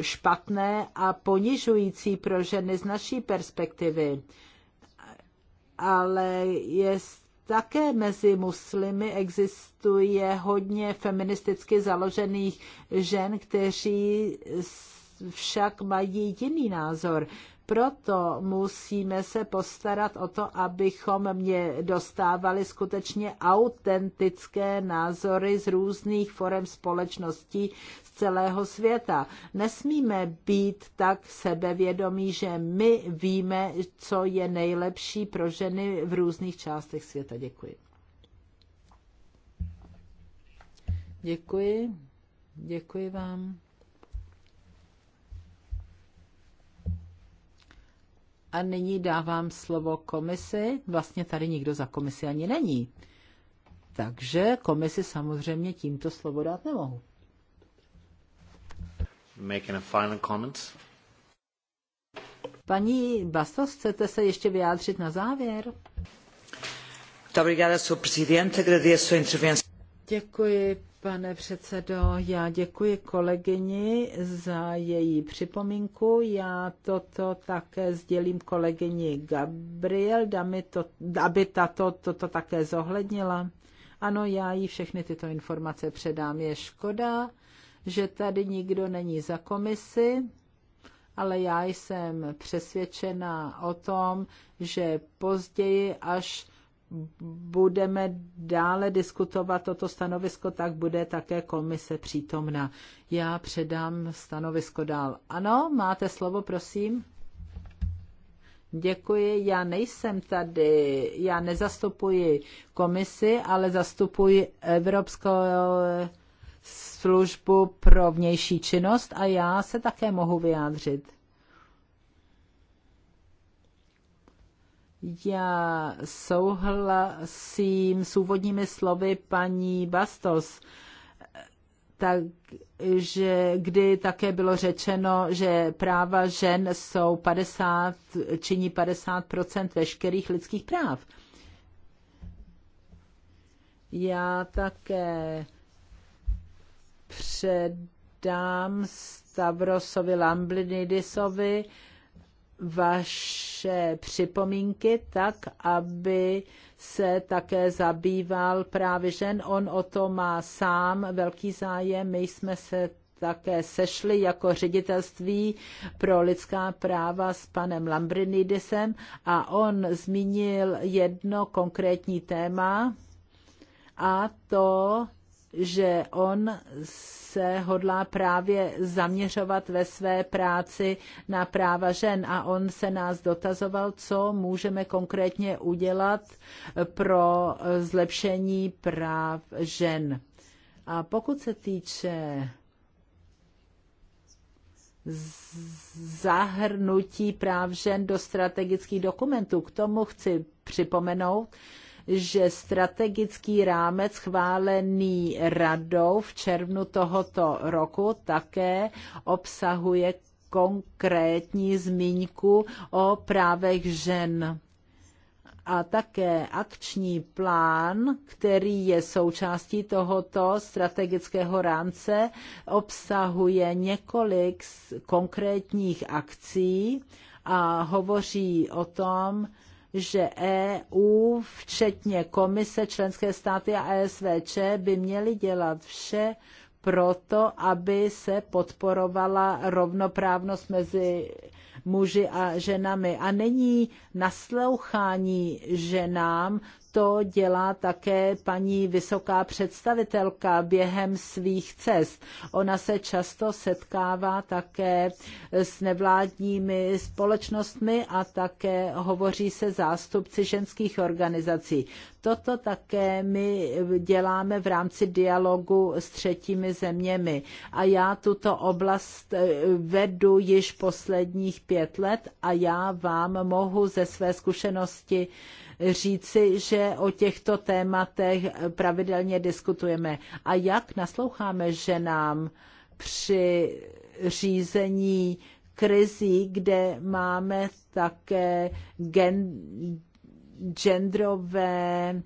špatné a ponižující pro ženy z naší perspektivy. Ale je také mezi muslimy existuje hodně feministicky založených žen, kteří však mají jiný názor. Proto musíme se postarat o to, abychom mě dostávali skutečně autentické názory z různých forem společností z celého světa. Nesmíme být tak sebevědomí, že my víme, co je nejlepší pro ženy v různých částech světa. Děkuji. Děkuji. Děkuji vám. A nyní dávám slovo komisi. Vlastně tady nikdo za komisi ani není. Takže komisi samozřejmě tímto slovo dát nemohu. Making a final comment. Paní Bastos, chcete se ještě vyjádřit na závěr? Děkuji, Pane předsedo, já děkuji kolegyni za její připomínku. Já toto také sdělím kolegyni Gabriel, to, aby tato toto také zohlednila. Ano, já jí všechny tyto informace předám. Je škoda, že tady nikdo není za komisi, ale já jsem přesvědčena o tom, že později, až budeme dále diskutovat toto stanovisko, tak bude také komise přítomna. Já předám stanovisko dál. Ano, máte slovo, prosím. Děkuji, já nejsem tady, já nezastupuji komisi, ale zastupuji Evropskou službu pro vnější činnost a já se také mohu vyjádřit. Já souhlasím s úvodními slovy paní Bastos, takže kdy také bylo řečeno, že práva žen jsou 50, činí 50 veškerých lidských práv. Já také předám Stavrosovi Lamblinidisovi vaše připomínky tak, aby se také zabýval právě žen. On o to má sám velký zájem. My jsme se také sešli jako ředitelství pro lidská práva s panem Lambrinidisem a on zmínil jedno konkrétní téma a to že on se hodlá právě zaměřovat ve své práci na práva žen a on se nás dotazoval, co můžeme konkrétně udělat pro zlepšení práv žen. A pokud se týče zahrnutí práv žen do strategických dokumentů. K tomu chci připomenout, že strategický rámec chválený radou v červnu tohoto roku také obsahuje konkrétní zmínku o právech žen a také akční plán, který je součástí tohoto strategického rámce, obsahuje několik konkrétních akcí a hovoří o tom, že EU, včetně komise, členské státy a ESVČ by měly dělat vše proto, aby se podporovala rovnoprávnost mezi muži a ženami. A není naslouchání ženám to dělá také paní vysoká představitelka během svých cest. Ona se často setkává také s nevládními společnostmi a také hovoří se zástupci ženských organizací. Toto také my děláme v rámci dialogu s třetími zeměmi. A já tuto oblast eh, vedu již posledních pět let a já vám mohu ze své zkušenosti říci, že o těchto tématech pravidelně diskutujeme a jak nasloucháme ženám při řízení krizí, kde máme také gen, genderové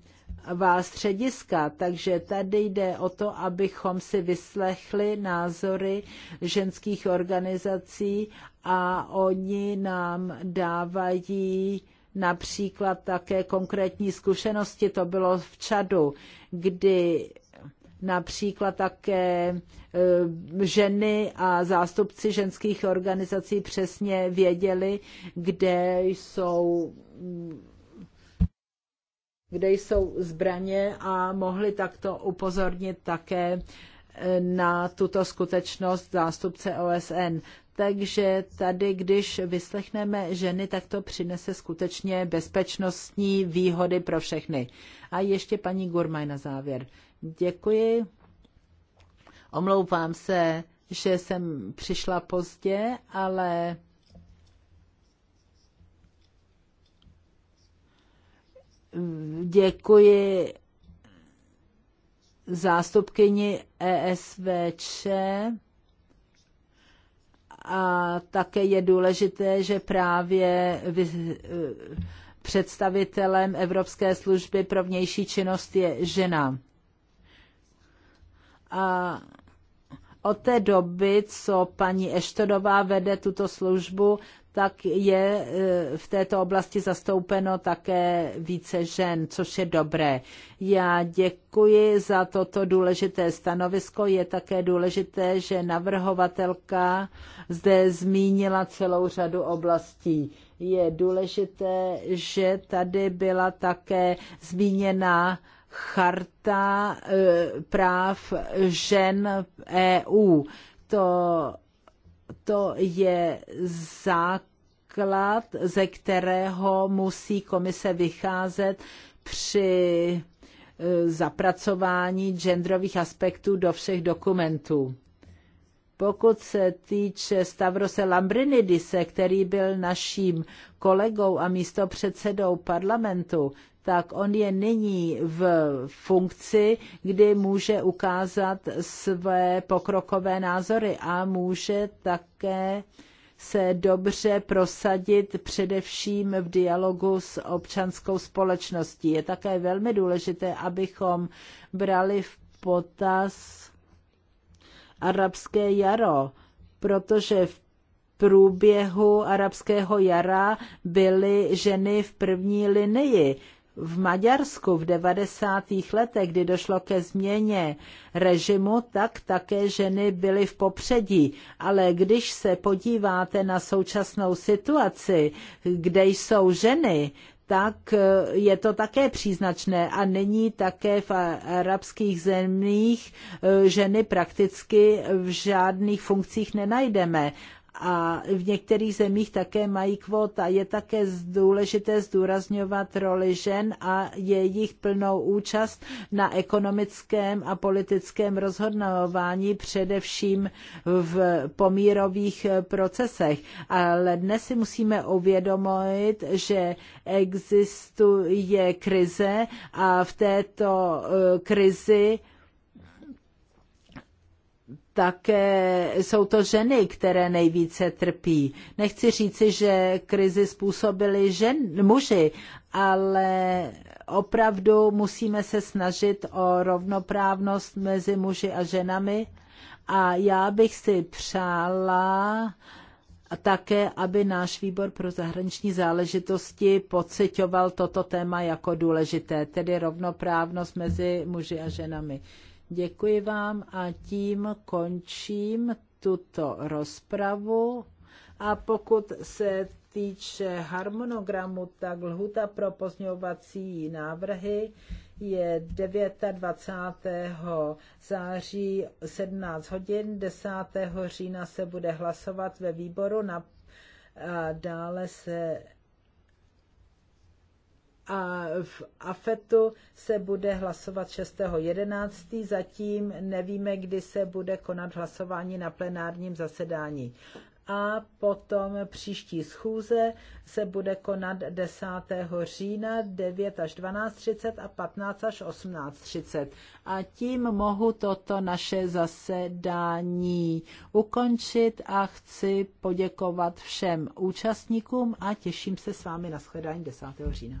střediska. Takže tady jde o to, abychom si vyslechli názory ženských organizací a oni nám dávají například také konkrétní zkušenosti, to bylo v Čadu, kdy například také eh, ženy a zástupci ženských organizací přesně věděli, kde jsou kde jsou zbraně a mohli takto upozornit také eh, na tuto skutečnost zástupce OSN. Takže tady, když vyslechneme ženy, tak to přinese skutečně bezpečnostní výhody pro všechny. A ještě paní Gurmaj na závěr. Děkuji. Omlouvám se, že jsem přišla pozdě, ale děkuji zástupkyni ESVČ a také je důležité, že právě eh, představitelem Evropské služby pro vnější činnost je žena. A od té doby, co paní Eštodová vede tuto službu, tak je eh, v této oblasti zastoupeno také více žen, což je dobré. Já děkuji za toto důležité stanovisko. Je také důležité, že navrhovatelka zde zmínila celou řadu oblastí. Je důležité, že tady byla také zmíněna charta eh, práv žen EU. To to je základ, ze kterého musí komise vycházet při e, zapracování genderových aspektů do všech dokumentů. Pokud se týče Stavrose Lambrinidise, který byl naším kolegou a místopředsedou parlamentu, tak on je nyní v funkci, kdy může ukázat své pokrokové názory a může také se dobře prosadit především v dialogu s občanskou společností. Je také velmi důležité, abychom brali v potaz arabské jaro, protože v průběhu arabského jara byly ženy v první linii v Maďarsku v 90. letech, kdy došlo ke změně režimu, tak také ženy byly v popředí. Ale když se podíváte na současnou situaci, kde jsou ženy, tak eh, je to také příznačné a není také v arabských zemích eh, ženy prakticky v žádných funkcích nenajdeme a v některých zemích také mají kvota. Je také důležité zdůrazňovat roli žen a jejich plnou účast na ekonomickém a politickém rozhodování, především v pomírových procesech. Ale dnes si musíme uvědomit, že existuje krize a v této eh, krizi také jsou to ženy, které nejvíce trpí. Nechci říci, že krizi způsobili žen, muži, ale opravdu musíme se snažit o rovnoprávnost mezi muži a ženami. A já bych si přála také, aby náš výbor pro zahraniční záležitosti pocitoval toto téma jako důležité, tedy rovnoprávnost mezi muži a ženami. Děkuji vám a tím končím tuto rozpravu. A pokud se týče harmonogramu, tak lhuta pro pozměňovací návrhy je 29. září 17 hodin, 10. října se bude hlasovat ve výboru na a dále se a v AFETu se bude hlasovat 6.11. Zatím nevíme, kdy se bude konat hlasování na plenárním zasedání. A potom příští schůze se bude konat 10. října 9 až 12.30 a 15 až 18.30. A tím mohu toto naše zasedání ukončit a chci poděkovat všem účastníkům a těším se s vámi na shledání 10. října.